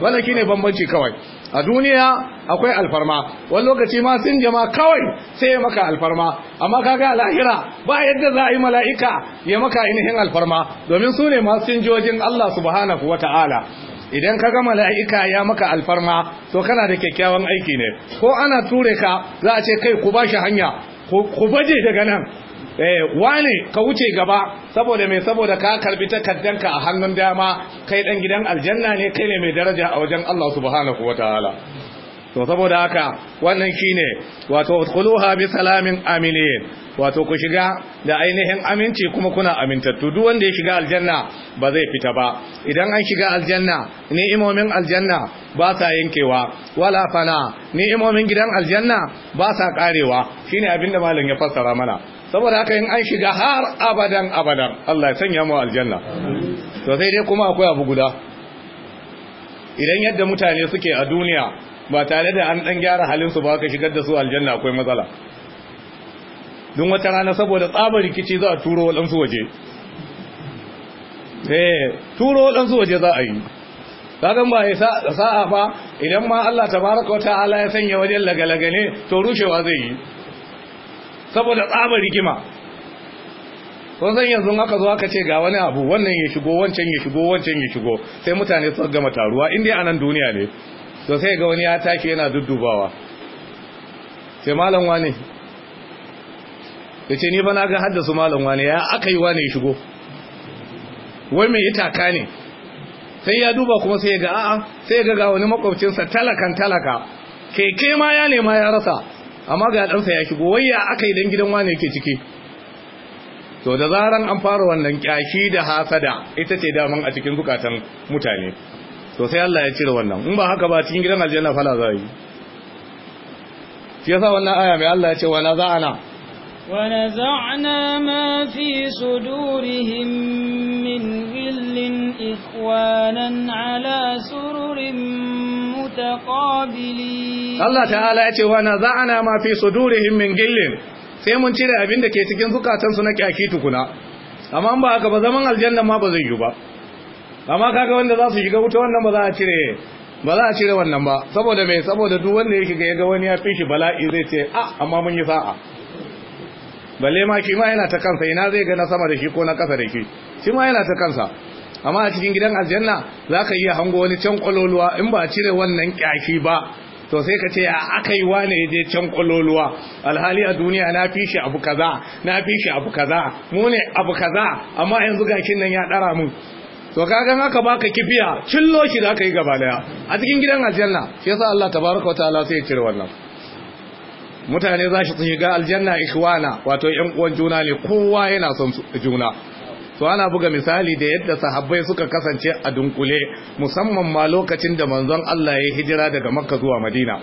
S1: wanda shine bambanci kawai a duniya akwai alfarma wani lokaci ma sun jama kawai sai ya maka alfarma amma kaga lahira ba yadda za a yi mala'ika ya maka ainihin alfarma domin su ne masu sinjojin Allah subhanahu wa ta'ala idan ka ga mala'ika ya maka alfarma to kana da kyakkyawan aiki ne ko ana ture ka za a ce kai ku bashi hanya ku baje daga nan eh, wane ka wuce gaba saboda mai saboda ka karbi ka a hannun dama kai dan gidan aljanna ne kai ne mai daraja a wajen Allah subhanahu wataala to saboda haka wannan shine wato udkhuluha bi salamin aminin wato ku shiga da ainihin aminci kuma kuna amintattu duk wanda ya shiga aljanna ba zai fita ba idan an shiga aljanna ni'imomin aljanna ba sa yankewa wala fana ni'imomin gidan aljanna ba sa karewa shine abinda malam ya fassara mana saboda haka in an shiga har abadan abadan Allah ya sanya mu aljanna to sai dai kuma akwai abu guda idan yadda mutane suke a duniya ba tare da an dan gyara halin su ba ka shigar da su aljanna akwai matsala don wata rana saboda tsabar rikici za a turo waɗansu waje eh turo waɗansu waje za a yi kagan ba ya sa'a ba idan ma Allah tabaraka wata'ala ya sanya wajen lagalaga ne to rushewa zai yi saboda tsabar rigima kun san yanzu aka zo aka ce ga wani abu wannan ya shigo wancan ya shigo wancan ya shigo sai mutane su gama taruwa in dai anan duniya ne to ga wani ya tashi yana duddubawa sai malam wani ya ce ni ba na ga haddasa malam wane ya aka yi wane ya shigo wai mai yi taka ne sai ya duba kuma sai ya ga a'a sai ya ga wani makwabcinsa talakan talaka keke ma ya nema ya rasa amma ga ɗansa ya shigo wai ya aka yi dan gidan wane yake ciki to da zaran an fara wannan kyashi da hasada ita ce daman a cikin bukatan mutane to sai Allah ya cire wannan in ba haka ba cikin gidan aljanna fala za yi shi yasa wannan aya mai Allah ya ce wala za'ana
S2: ونزعنا ما في صدورهم من غل إخوانا على سرر متقابلين
S1: الله تعالى يتي ونزعنا ما في صدورهم من غل سيمون mun cire abin da ke cikin zukatansu na kyaki tukuna amma ba haka ba zaman aljanna ma ba zai yi ba amma kaga wanda za su ba za a cire wannan ba saboda mai saboda duk wanda yake ga ya wani ya fi shi bala'i zai ce a amma mun yi sa'a balle ma shi ma yana ta kansa ina zai ga na sama da shi ko na kasa da shi shi ma yana ta kansa amma a cikin gidan aljanna zaka ka iya hango wani can kwaloluwa in ba cire wannan kyashi ba to sai ka ce a aka yi wane ya je can kwaloluwa alhali a duniya na fi shi abu kaza na fi shi abu kaza mu ne abu kaza amma yanzu gakin nan ya dara mun to kagan haka baka kifiya cillo shi za ka yi gaba daya a cikin gidan aljanna shi yasa Allah tabaraka wa ta'ala sai ya cire wannan mutane za shi shiga aljanna ikhwana wato 'yan uwan juna ne kowa yana son juna to ana buga misali da yadda sahabbai suka kasance a dunkule musamman ma lokacin da manzon Allah ya hijira daga Makka zuwa Madina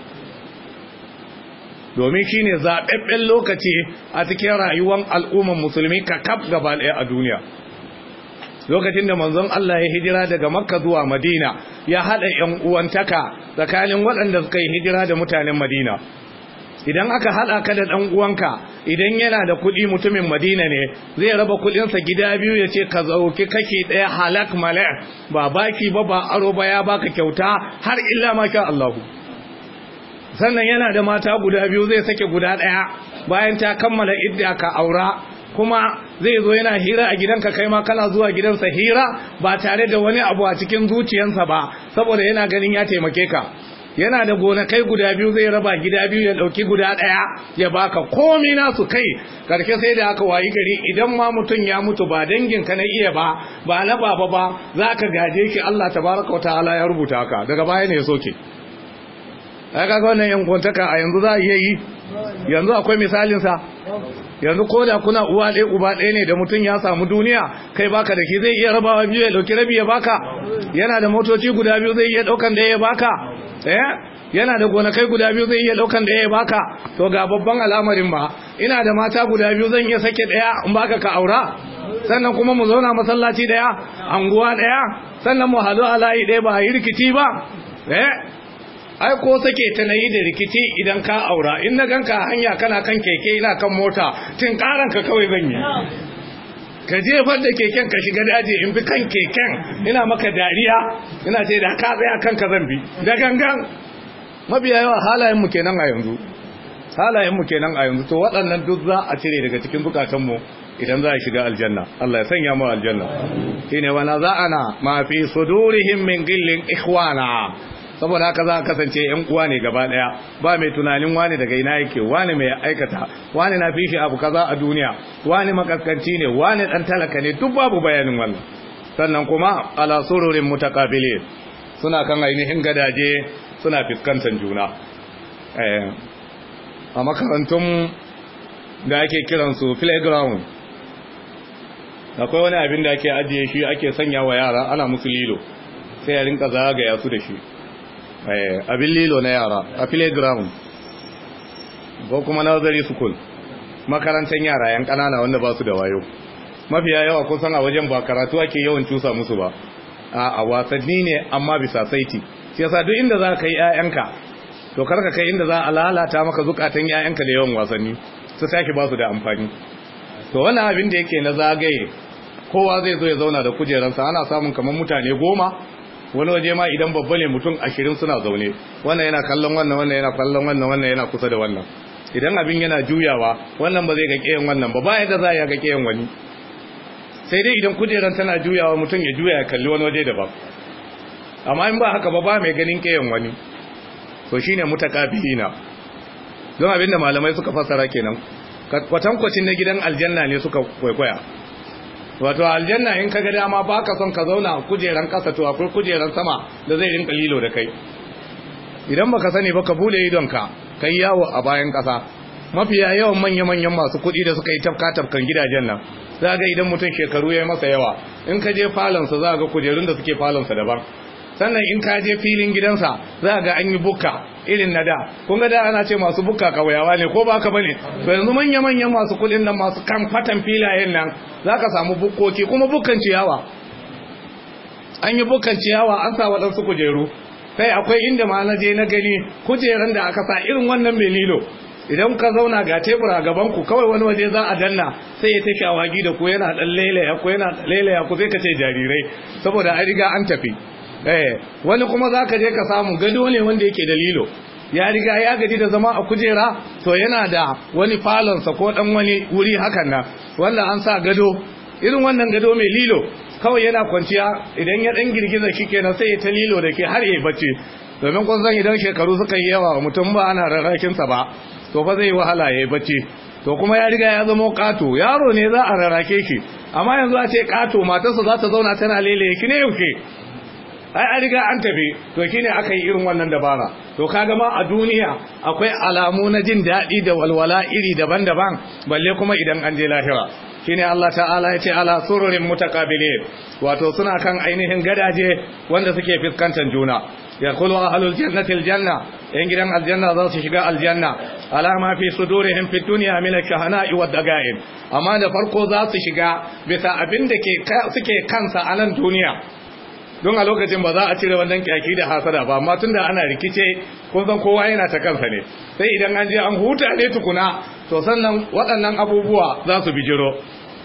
S1: domin shine zaɓaɓɓen lokaci a cikin rayuwar al'ummar musulmi ka kaf gaba ɗaya a duniya lokacin da manzon Allah ya hijira daga Makka zuwa Madina ya haɗa ƴan uwantaka tsakanin waɗanda suka yi hijira da mutanen Madina idan aka haɗa ka da ɗan uwanka idan yana da kuɗi mutumin madina ne zai raba sa gida biyu ya ce ka zauki kake ɗaya halak malak ba baki ba ba aro ba ya baka kyauta har illa ma sha Allahu sannan yana da mata guda biyu zai sake guda ɗaya bayan ta kammala idda ka aura kuma zai zo yana hira a gidanka kai ma kana zuwa gidansa hira ba tare da wani abu a cikin zuciyarsa ba saboda yana ganin ya taimake ka yana da gona kai guda biyu zai raba gida biyu ya dauki guda daya ya baka komai nasu kai karke sai da aka wayi gari idan ma mutum ya mutu ba dangin ka na iya ba ba na baba ba zaka gaje ki Allah tabaraka wa ta'ala ya rubuta ka daga baya ne ya soke ai ga wannan yan a yanzu za a iya yi yanzu akwai misalin sa yanzu ko da kuna uwa ɗaya uba ɗaya ne da mutum ya samu duniya kai baka da ke zai iya rabawa biyu ya ɗauki rabi ya baka yana da motoci guda biyu zai iya ɗaukan da ya baka Eh? yana da gonakai guda biyu zai iya daukan da ya baka to ga babban al'amarin ba ina da mata guda biyu zan iya sake ɗaya in baka ka aura sannan kuma mu zauna masallaci ɗaya, anguwa ɗaya? sannan mu halu alayi ɗaya ba yi rikici ba eh ai ko sake ta nayi da rikici idan ka aura in na ganka hanya kana kan keke ina kan mota tin karan ka kawai ban yi ka jefar da keken ka shiga daji in bi kan keken ina maka dariya ina ce da ka tsaya kanka zan bi da gangan mabiya yawa halayenmu kenan a yanzu halayenmu kenan a yanzu to waɗannan duk za a cire daga cikin bukatun mu idan za a shiga aljanna Allah ya sanya mu aljanna shine wala za'ana ma fi sudurihim min gillin ikhwana saboda haka za a kasance yan uwa ne gaba daya ba mai tunanin wani daga ina yake wani mai aikata wani na fi abu kaza a duniya wani makaskanci ne wani dan talaka ne duk babu bayanin wannan sannan kuma ala sururin mutaqabili suna kan ainihin gadaje suna fuskantar juna eh, a makarantun da ake kiransu playground akwai wani abin da ake ajiye shi ake sanya wa yara ana musu lilo sai ya rinka zagaya su da shi Eh, abin lilo na yara a playground ko kuma nursery school makarantar yara yan kanana wanda ba su da wayo mafiya yawa kusan a wajen ba karatu ake yawan cusa musu ba a wasanni ne amma bisa saiti shi yasa duk inda za ka yi 'ya'yanka to karka kai inda za a lalata maka zukatan 'ya'yanka da yawan wasanni su sake ba su da amfani to wannan abin da yake na zagaye kowa zai zo ya zauna da kujeransa ana samun kamar mutane goma wani waje ma idan babba ne mutum ashirin suna zaune wannan yana kallon wannan wannan yana kallon wannan wannan yana kusa da wannan idan abin yana juyawa wannan ba zai ga kiyan wannan ba bayan da za ya ga kiyan wani sai dai idan kujeran tana juyawa mutum ya juya ya kalli wani waje daban amma in ba haka ba ba mai ganin kiyan wani to shine mutakabilina don abin da malamai suka fassara kenan kwatankwacin na gidan aljanna ne suka kwaikwaya wato aljanna in kaga dama ba ka son ka zauna kujeran kasa to akwai kujeran sama da zai rinka lilo da kai idan baka sani ba ka bude ka kai yawo a bayan kasa mafiya yawan manya-manyan masu kuɗi da suka yi tafka-tafkan gidajen nan za ga idan mutum shekaru ya masa yawa in ka je falonsa za ga kujerun da suke falonsa daban sannan in ka je filin gidansa za ga an yi bukka irin na da kun ga da ana ce masu bukka kauyawa ne ko ba ka bane to yanzu manya manyan masu kudin nan masu kan fatan filayen nan ka samu bukkoki kuma bukkan ciyawa an yi bukkan ciyawa an sa waɗansu kujeru sai akwai inda ma na je na gani kujeran da aka sa irin wannan mai lilo idan ka zauna ga tebura a gaban ku kawai wani waje za a danna sai ya take awagi da ku yana dan lailaya ku yana lailaya ku sai ka ce jarirai saboda an riga an tafi eh wani kuma za ka je ka samu gado ne wanda yake dalilo ya riga ya gaji da zama a kujera to yana da wani falonsa ko dan wani wuri hakan nan wanda an sa gado irin wannan gado mai lilo kawai yana kwanciya idan ya dan girgiza shi na sai ya ta lilo da ke har ya bacci domin kun san idan shekaru suka yi yawa mutum ba ana rarrakin sa ba to fa zai wahala ya bacci to kuma ya riga ya zama kato yaro ne za a rarrake shi amma yanzu a ce kato matarsa za ta zauna tana lele ki ne yauke ai an riga an tafi to shine aka yi irin wannan dabara to kaga ma a duniya akwai alamu na jin daɗi da walwala iri daban-daban balle kuma idan an je lahira shine Allah ta'ala ya ce ala sururin mutakabilin wato suna kan ainihin gadaje wanda suke fuskantar juna Aljanna Aljanna gidan za su shiga Aljanna ala ma fi sudurihim fi dunya min ما في صدورهم amma da farko za su shiga bisa abin da ke suke kansa a nan duniya. don a lokacin ba za a cire wannan kyaki da hasada ba amma da ana rikice kun san kowa yana ta kansa ne sai idan an je an huta ne tukuna to sannan waɗannan abubuwa za su bijiro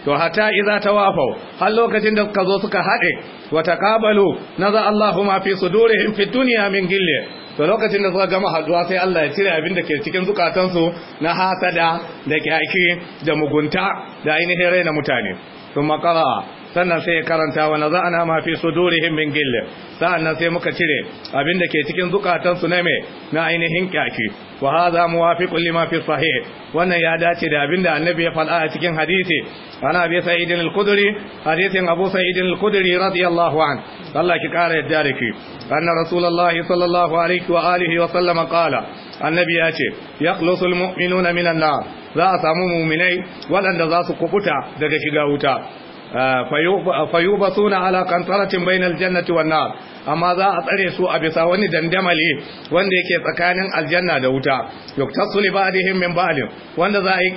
S1: to hatta ta wafa, har lokacin da suka zo suka haɗe wa taqabalu naza Allahu ma fi sudurihim fi dunya min gille to lokacin da suka gama haduwa sai Allah ya cire abin da ke cikin zukatansu na hasada da kyaki da mugunta da ainihin raina mutane ثم قرأ sannan sai ya karanta wa naza'ana ma su sudurihim min gille. sa'annan sai muka cire abin da ke cikin zukatansu na me na ainihin kyaki wa mu muwafiqun lima mafi sahih wannan ya dace da abin da annabi ya faɗa a cikin hadisi ana bi sa'idin al-khudri hadisin abu sa'idin al-khudri radiyallahu an Allah ki kara yadda da ki anna rasulullahi sallallahu alaihi wa alihi wa sallama qala annabi ya ce yaqlusul mu'minuna minan nar za a samu mu'minai waɗanda za su kubuta daga shiga wuta fayubasuna ala qantaratin bainal jannati wan nar amma za a tsare su a bisa wani dandamali wanda yake tsakanin aljanna da wuta yuktasu li ba'dihim min ba'din wanda za a yi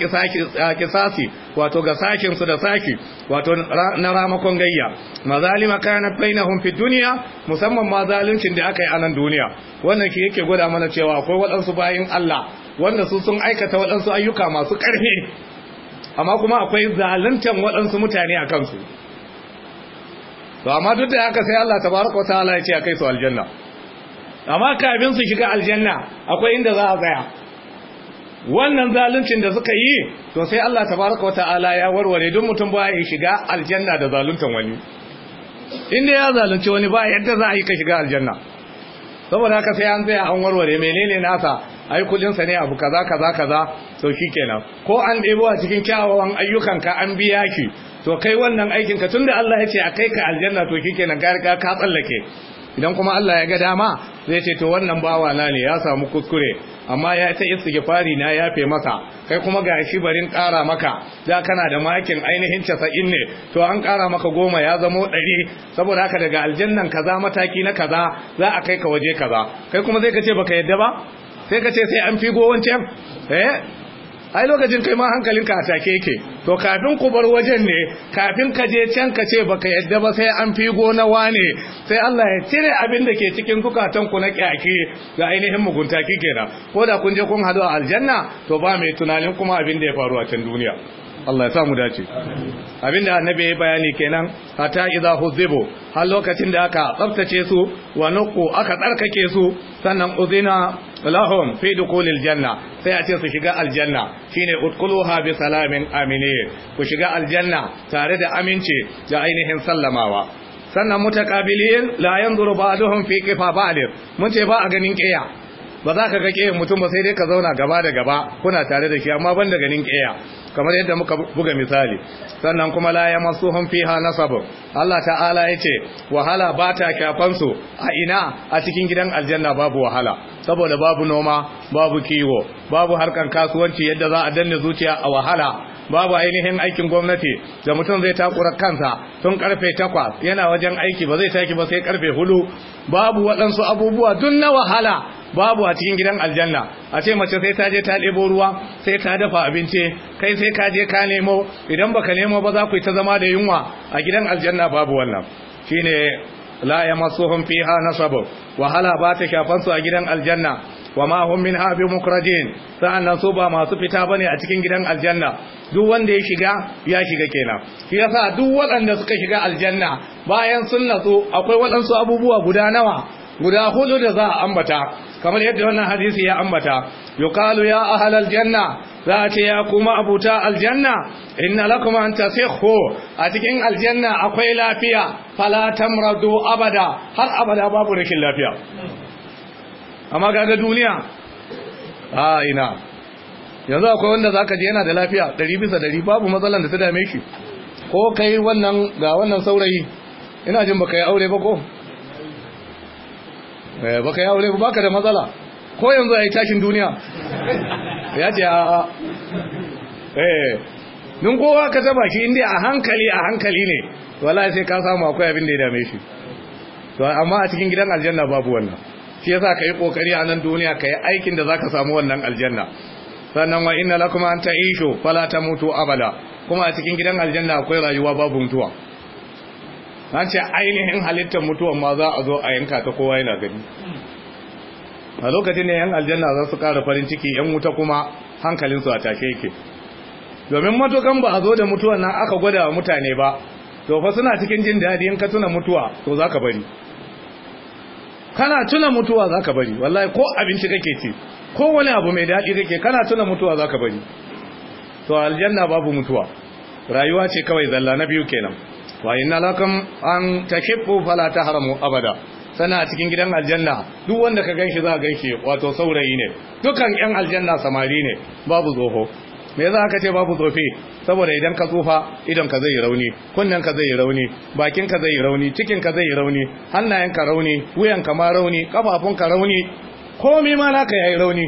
S1: kisasi wato ga sakin da saki wato na ramakon gayya mazalima kanat bainahum fi dunya musamman ma zaluncin da aka yi anan duniya wannan ke yake gwada mana cewa akwai waɗansu bayan Allah wanda su sun aikata waɗansu ayyuka masu ƙarfi amma kuma akwai zaluntan waɗansu mutane a kansu to amma duk da haka sai Allah tabaraka wataala ya ce a su aljanna amma kafin su shiga aljanna akwai inda za a tsaya wannan zaluncin da suka yi to sai Allah tabaraka wataala ya warware duk mutum ba ya shiga aljanna da zaluntan wani inda ya zalunci wani ba yadda za a yi ka shiga aljanna saboda haka sai an tsaya an warware menene nasa ai sa ne abu kaza kaza kaza to kenan ko an ɗebo a cikin kyawawan ayyukan ka an biya ki to kai wannan aikin ka tunda Allah ya ce a kai ka aljanna to shikenan ka riga ka tsallake idan kuma Allah ya ga dama zai ce to wannan bawa na ne ya samu kuskure amma ya ta fari na yafe masa. kai kuma ga shi barin kara maka da kana da makin ainihin 90 ne to an kara maka goma ya zamo 100 saboda haka daga aljannan kaza mataki na kaza za a kai ka waje kaza kai kuma zai kace baka yadda ba sai ka ce sai an figo wancan eh ai lokacin kai ma hankalinka a take yake to kafin ku bar wajen ne kafin ka je can ka ce baka yadda ba sai an fi go na wane sai Allah ya cire abin da ke cikin zukatan ku na kyaki ga ainihin mugunta kike da ko da kun je kun hadu a aljanna to ba mai tunanin kuma abin da ya faru a can duniya Allah ya samu dace abinda annabi ya bayani kenan hatta idza huzibu har lokacin da aka tsaftace su wa nuqu aka tsarkake su sannan uzina lahum fi dukulil janna sai a ce su shiga aljanna shine udkhuluha bi salamin aminin ku shiga aljanna tare da aminci da ainihin sallamawa sannan mutakabilin la yanzuru ba'duhum fi kifa ba'd mun ce ba a ganin kiya ba za ka ga ƙeyan mutum ba sai dai ka zauna gaba da gaba kuna tare da shi amma ban da ganin ƙeya kamar yadda muka buga misali sannan kuma la ya masu fiha nasab Allah ta'ala ya ce wahala ba ta su a ina a cikin gidan aljanna babu wahala saboda babu noma babu kiwo babu harkar kasuwanci yadda za a danne zuciya a wahala babu ainihin aikin gwamnati da mutum zai takura kansa tun karfe takwas yana wajen aiki ba zai taki ba sai karfe hulu babu waɗansu abubuwa dun na wahala babu a cikin gidan aljanna a ce mace sai ta je ta ɗebo ruwa sai ta dafa abinci kai sai ka je ka nemo idan baka nemo ba za ku yi ta zama da yunwa a gidan aljanna babu wannan shine la yamassuhum fiha nasab wahala ba ta shafansu a gidan aljanna wa ma hum minha bi mukhrajin sa'annan su ba masu fita bane a cikin gidan aljanna duk wanda ya shiga ya shiga kenan shi yasa duk waɗanda suka shiga aljanna bayan sun natsu akwai waɗansu abubuwa guda nawa guda hudu da za a ambata kamar yadda wannan hadisi ya ambata yuqalu ya ahal janna za a ce ya kuma abuta aljanna inna lakum an tasihhu a cikin aljanna akwai lafiya fala tamradu abada har abada babu rashin lafiya amma ga duniya a ina yanzu akwai wanda ka ji yana da lafiya ɗari bisa ɗari, babu matsalan da ta dame shi ko kai wannan ga wannan saurayi ina jin baka yi aure ba ko eh, baka yi aure ba baka da matsala ko yanzu yi tashin duniya ya ce a eh nun kowa ka taba shi inda a hankali a hankali ne wala sai ka samu akwai abin da ya dame shi to amma a cikin gidan aljanna babu wannan shi yasa ka yi kokari a nan duniya ka yi aikin da zaka samu wannan aljanna sannan wa inna lakum an ta'ishu fala tamutu abada kuma a cikin gidan aljanna akwai rayuwa babu mutuwa an ce ainihin halittar mutuwan ma za a zo a yanka ta kowa yana gani a lokacin ne yan aljanna za su kara farin ciki yan wuta kuma su a take yake domin matukan ba a zo da mutuwan nan aka gwada mutane ba to fa suna cikin jin daɗi in ka tuna mutuwa to za ka bari kana tuna mutuwa za ka bari wallahi ko abinci kake ci ko wani abu mai daɗi kake kana tuna mutuwa za ka bari to aljanna babu mutuwa rayuwa ce kawai zalla na biyu kenan wa inna lakum an takibbu fala tahramu abada sana cikin gidan aljanna duk wanda ka ganshi za ka ganshi wato saurayi ne dukan ƴan aljanna samari ne babu zoho me za aka ce babu tsofi saboda idan ka tsufa idan ka zai yi rauni kunnen ka zai yi rauni bakin ka zai yi rauni cikin ka zai yi rauni hannayen ka rauni wuyan ka ma rauni kafafun ka rauni komai ma naka yayi rauni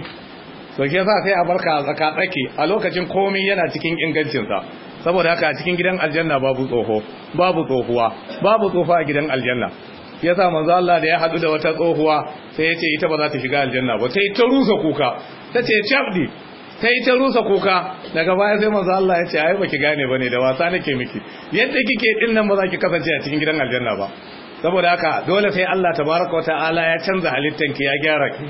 S1: so ke yasa sai a barka a tsaka tsaki a lokacin komai yana cikin ingancinsa saboda haka a cikin gidan aljanna babu tsoho babu tsohuwa babu tsofa a gidan aljanna ya sa manzo Allah da ya hadu da wata tsohuwa sai ya ce ita ba za ta shiga aljanna ba sai ta rusa kuka ta ce chabdi ta yi ta rusa kuka daga baya sai masu Allah ya ce yi baki gane bane da wasa nake miki yadda kike din nan ba za ki kasance a cikin gidan aljanna ba saboda haka dole sai Allah tabaraka wa ta'ala ya canza halittan ki ya gyara ki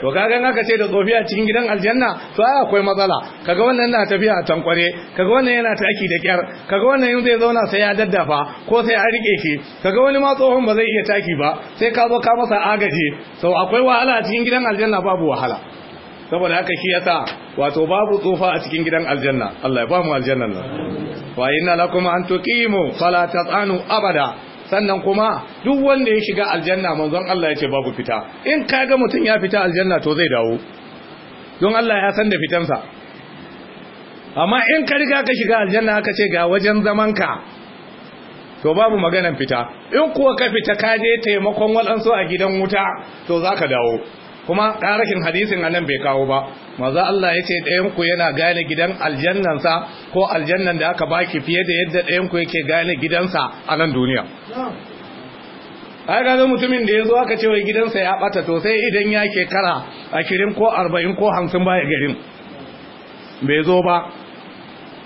S1: to kaga aka ce da tsofi a cikin gidan aljanna to ai akwai matsala kaga wannan yana tafiya a tankware kaga wannan yana taki da kyar kaga wannan yanzu zai zauna sai ya daddafa ko sai an rike shi kaga wani ma tsohon ba zai iya taki ba sai ka zo ka masa agaji to akwai wahala a cikin gidan aljanna babu wahala saboda haka shi yasa wato babu tsufa a cikin gidan aljanna Allah ya ba mu aljannan nan wa inna lakum an tuqimu fala tat'anu abada sannan kuma duk wanda ya shiga aljanna manzon Allah ya ce babu fita in kaga mutun ya fita aljanna to zai dawo don Allah ya san da fitansa amma in ka riga ka shiga aljanna aka ce ga wajen zaman ka to babu maganan fita in kuwa ka fita ka je taimakon waɗansu a gidan wuta to za ka dawo kuma ƙarashin hadisin a bai kawo ba maza Allah ya ce ɗayanku yana gane gidan aljannansa ko aljannan da aka baki fiye da yadda ɗayanku yake gane gidansa a nan duniya ai gano mutumin da ya zo aka ce wai gidansa ya ɓata to sai idan ya ke kara kirin ko arba'in ko hamsin baya garin bai zo ba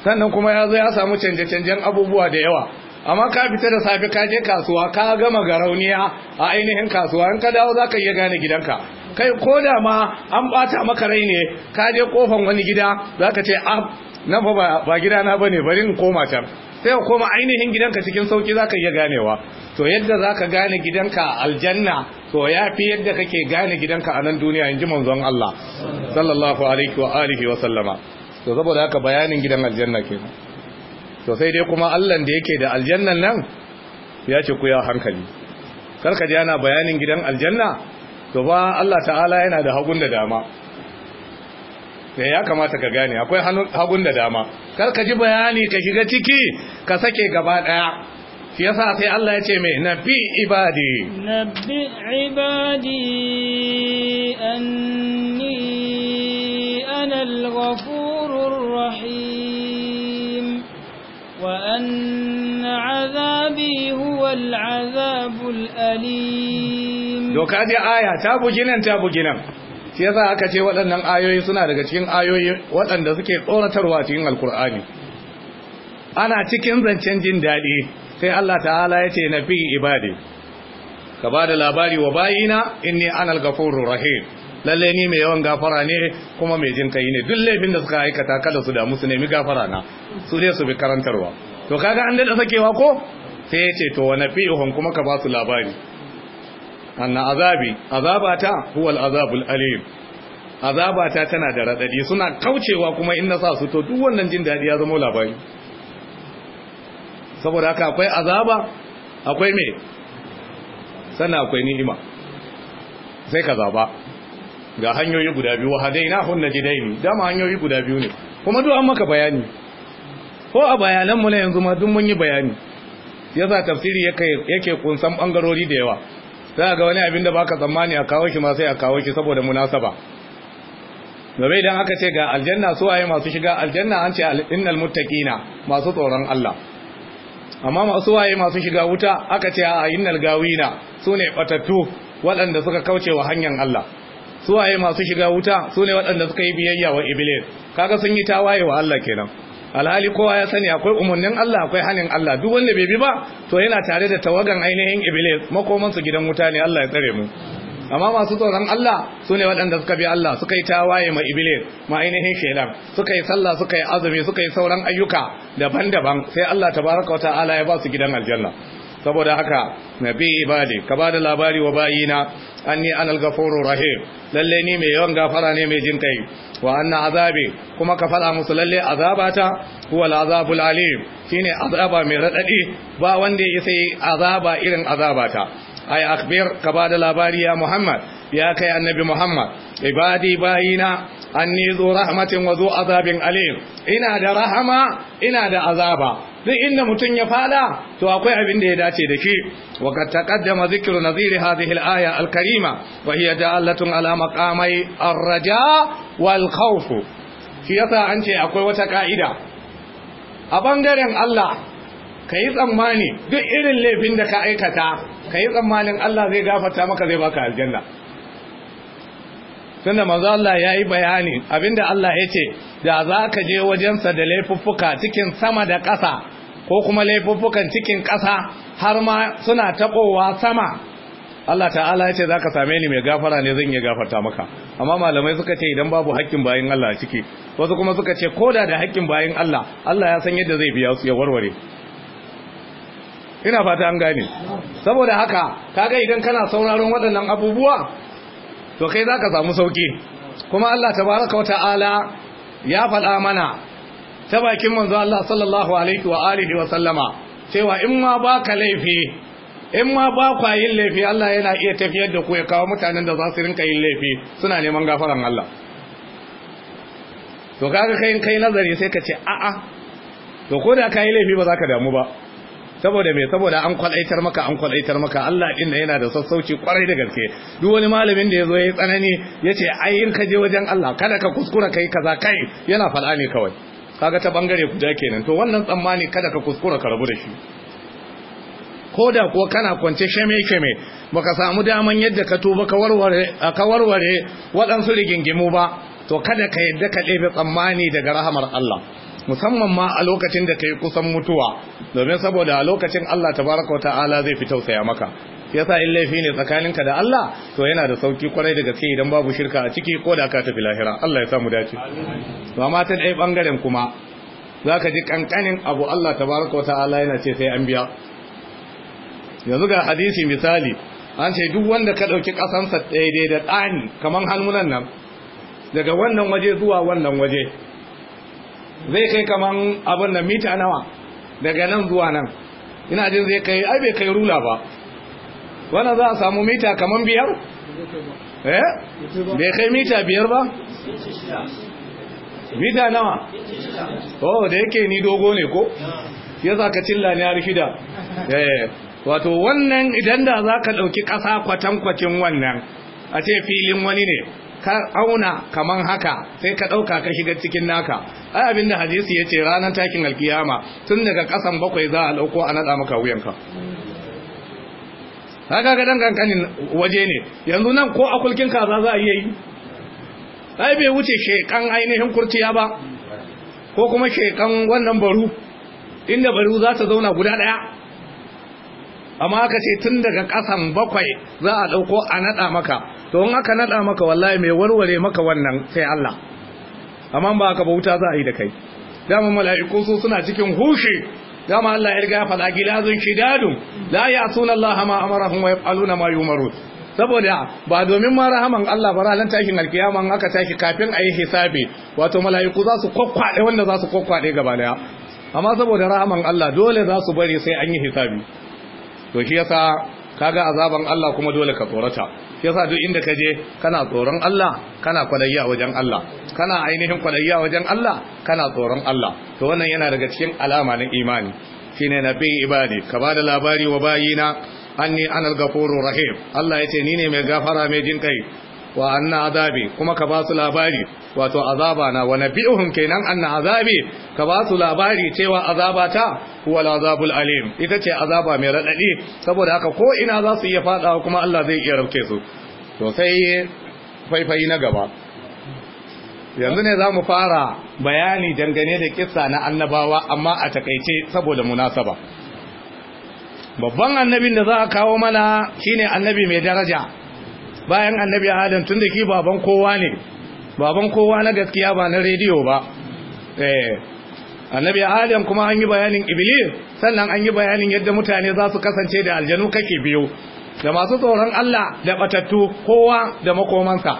S1: sannan kuma ya zo ya samu canje-canjen abubuwa da yawa amma ka fita da safe ka je kasuwa ka gama garauniya a ainihin kasuwa in ka dawo zaka iya gane gidanka kai ko da ma an bata maka rai ne ka je kofan wani gida za ka ce a ah, na fa ba gida na bane bari in koma can sai ka koma ainihin gidanka cikin sauki zaka ka iya ganewa to yadda za gane gidanka aljanna to ya fi yadda kake gane gidanka a nan duniya in ji manzon Allah sallallahu alaihi wa alihi wa sallama to saboda haka bayanin gidan aljanna kenan to sai dai kuma allan da yake da aljannan nan ya ce ku ya hankali karka ji ana bayanin gidan aljanna to ba allah ta'ala yana da hagun da dama da ya kamata ka gane akwai hagun da dama karka ji bayani ka shiga ciki ka sake gaba daya shi yasa sai Allah ya ce mai nabi ibadi
S2: nabi ibadi anni ana al-ghafurur rahim وأن عذابي هو العذاب الأليم
S1: لو كانت آية تابو جنان تابو جنان shi yasa aka ce waɗannan ayoyi suna daga cikin ayoyi waɗanda suke tsoratarwa cikin alkur'ani ana cikin zancen jin daɗi sai Allah ta'ala ya ce na fi ibadi ka ba da labari wa bayina inni anal gafurur rahim lalle ni mai yawan gafara ne kuma mai jin kai ne duk laifin da suka aikata kada su damu su nemi gafara na su ne su bi karantarwa to kaga an dada sakewa ko sai ya ce to wa nafi'uhum kuma ka ba su labari anna azabi azabata huwal azabul alim azabata tana da radadi suna kaucewa kuma in na sa su to duk wannan jin dadi ya zama labari saboda haka akwai azaba akwai me sannan akwai ni'ima sai ka zaba ga hanyoyi guda biyu wa hunna jidaini dama hanyoyi guda biyu ne kuma duk an maka bayani ko a bayanan mu na yanzu ma duk mun yi bayani yasa tafsiri yake yake kunsan bangarori da yawa za ga wani abin da baka tsammani a kawo shi ma sai a kawo shi saboda munasaba gobe idan aka ce ga aljanna su waye masu shiga aljanna an ce innal muttaqina masu tsoron Allah amma masu waye masu shiga wuta aka ce a innal gawina sune batattu waɗanda suka kauce wa hanyar Allah su waye masu shiga wuta su ne waɗanda suka yi biyayya wa iblis kaga sun yi tawaye wa Allah kenan alhali kowa ya sani akwai umarnin Allah akwai hanin Allah duk wanda bai bi ba to yana tare da tawagan ainihin iblis makoman su gidan wuta ne Allah ya tsare mu amma masu tsoron Allah su ne waɗanda suka bi Allah suka yi tawaye ma iblis ma ainihin shelar suka yi sallah suka yi azumi suka yi sauran ayyuka daban-daban sai Allah tabaraka wa ta'ala ya ba su gidan aljanna saboda haka nabi ibadi ka ba da labari wa bayina anni anal ghafurur rahim lalle ni mai yawan gafara ne mai jin kai wa anna azabi kuma ka fada musu lalle azabata huwa alazabul alim shine azaba mai radadi ba wanda ya sai azaba irin azabata ay akhbir ka ba da labari ya muhammad ya kai annabi muhammad ibadi bayina anni zu rahmatin wa zu azabin alim ina da rahama ina da azaba duk inda mutum ya fada to akwai abin da ya dace da shi wa kad taqaddama dhikru nadhir hadhihi al-aya al-karima wa hiya da'allatun ala maqamai ar-raja wal khawf shi yasa an ce akwai wata ka'ida a bangaren Allah kai tsammani duk irin laifin da ka aikata kai tsammanin Allah zai gafarta maka zai baka aljanna tunda manzo Allah ya yi bayani abinda Allah ya ce da za ka je wajensa da laifuffuka cikin sama da ƙasa ko kuma laifuffukan cikin ƙasa har ma suna taɓowa sama Allah ta'ala ya ce za ka same ni mai gafara ne zan iya gafarta maka amma malamai suka ce idan babu haƙƙin bayan Allah ciki wasu kuma suka ce ko da da haƙƙin bayan Allah Allah ya san yadda zai biya su ya warware ina fata an gane saboda haka kaga idan kana sauraron waɗannan abubuwa to kai za ka samu sauki kuma Allah tabaraka wa ta'ala ya faɗa mana ta bakin manzo Allah sallallahu alaihi wa alihi wa sallama cewa in ma ba ka laifi in ma ba kwa yin laifi Allah yana iya tafiyar da ku ya kawo mutanen da za su rinka yin laifi suna neman gafaran Allah to kaga kai kai nazari sai ka ce a'a to ko da ka yi laifi ba za ka damu ba saboda me saboda an kwalaitar maka an kwalaitar maka Allah din yana da sassauci kwarai da gaske duk wani malamin da yazo yayi tsanani yace ai in ka je wajen Allah kada ka kuskura kai kaza kai yana fada ne kawai kaga ta bangare guda kenan to wannan tsammani kada ka kuskura ka rabu da shi ko da kuwa kana kwance sheme-sheme baka samu daman yadda ka tuba ka warware waɗansu rigingimu ba to kada ka yadda ka ɗebe tsammani daga rahamar Allah musamman ma a lokacin da yi kusan mutuwa domin saboda a lokacin Allah tabaraka wa ta'ala zai fi tausaya maka yasa in laifi ne tsakaninka da Allah to yana da sauki kwarai da gaske idan babu shirka a ciki ko da ka tafi lahira Allah ya sa mu dace to amma ta dai bangaren kuma zaka ji kankanin abu Allah tabaraka wa ta'ala yana ce sai an biya yanzu ga hadisi misali an ce duk wanda ka dauki kasansa daidai da ɗani kaman hannunan nan daga wannan waje zuwa wannan waje zai kai kaman abin da mita nawa daga nan zuwa nan ina jin zai kai ai bai kai rula ba wannan za a samu mita kaman biyar eh bai kai mita biyar ba mita nawa oh da yake ni dogo ne ko ya za ka cilla ni har shida eh, wato wannan idan da za ka ɗauki ƙasa kwatankwacin wannan a ce filin wani ne ka auna kaman haka sai ka ɗauka ka shiga cikin naka ai abin da hadisi ya ce ranar takin alkiyama tun daga kasan bakwai za a ɗauko a naɗa maka wuyanka haka ga ɗan kankanin waje ne yanzu nan ko akulkin kaza za a iya yi ai bai wuce shekan ainihin kurciya ba ko kuma shekan wannan baru inda baru za ta zauna guda ɗaya amma aka ce tun daga kasan bakwai za a dauko a nada maka to in aka nada maka wallahi mai warware maka wannan sai Allah amma ba aka bauta za a yi da kai dama mala'iku su suna cikin hushi dama Allah ya riga ya faɗa gilazun shidadun la sunan Allah ma amarahum wa yaf'aluna ma yumarun saboda ba domin ma rahaman Allah ba ranar tashin alkiyama aka tashi kafin a yi hisabi wato mala'iku za su wanda za su kwakwade gaba daya amma saboda rahaman Allah dole za su bari sai an yi hisabi to shi yasa kaga azaban Allah kuma dole ka tsorata shi yasa duk inda ka je kana tsoron Allah kana kwalayya wajen Allah kana ainihin kwalayya wajen Allah kana tsoron Allah to wannan yana daga cikin alama na imani shine nabi ibadi ka bada labari wa bayina anni anal ghafurur rahim Allah yace ni ne mai gafara mai jin kai wa anna azabi kuma ka basu su labari wato azaba na wa nabi'uhum kenan anna azabi ka basu labari cewa azaba ta huwa azabul alim ita ce azaba mai radadi saboda haka ko ina za su iya fada kuma Allah zai iya rauke su to sai faifai na gaba yanzu ne za mu fara bayani dangane da kissa na annabawa amma a takaice saboda munasaba babban annabin da za a kawo mana shine annabi mai daraja bayan annabi adam tun da ki baban kowa ne baban kowa na gaskiya ba na rediyo ba eh, annabi adam kuma an yi bayanin iblis sannan an yi bayanin yadda mutane za su kasance da aljanu kake biyu da masu tsoron Allah da batattu kowa da makomansa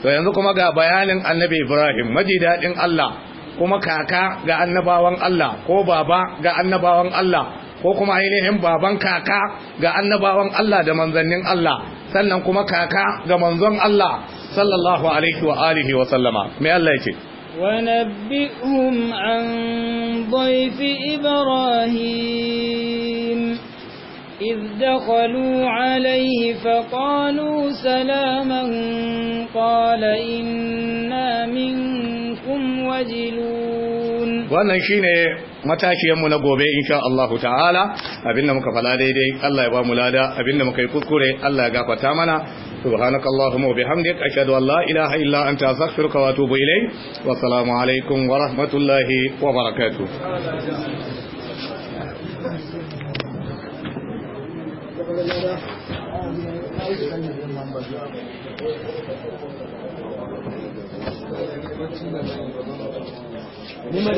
S1: to yanzu kuma ga bayanin annabi ibrahim maji daɗin Allah kuma kaka ga annabawan Allah ko baba ga annabawan Allah ko kuma ainihin baban kaka ga annabawan Allah da manzannin Allah sannan kuma kaka ga manzon Allah sallallahu alaihi wa alihi wa sallama Me Allah yake
S2: ونبئهم عن ضيف Ibrahim? إذ دخلوا عليه فقالوا سلاما قال إنا منكم وجلون
S1: wannan shine matakiyarmu na gobe in Allah ta'ala abinda muka fada daidai Allah ya ba mu lada abinda muka yi kuskure Allah ya gafarta mana subhanakallahumma wa bihamdika ashhadu an la ilaha illa anta astaghfiruka wa atubu ilayk wa assalamu wa rahmatullahi wa barakatuh
S2: Thank you.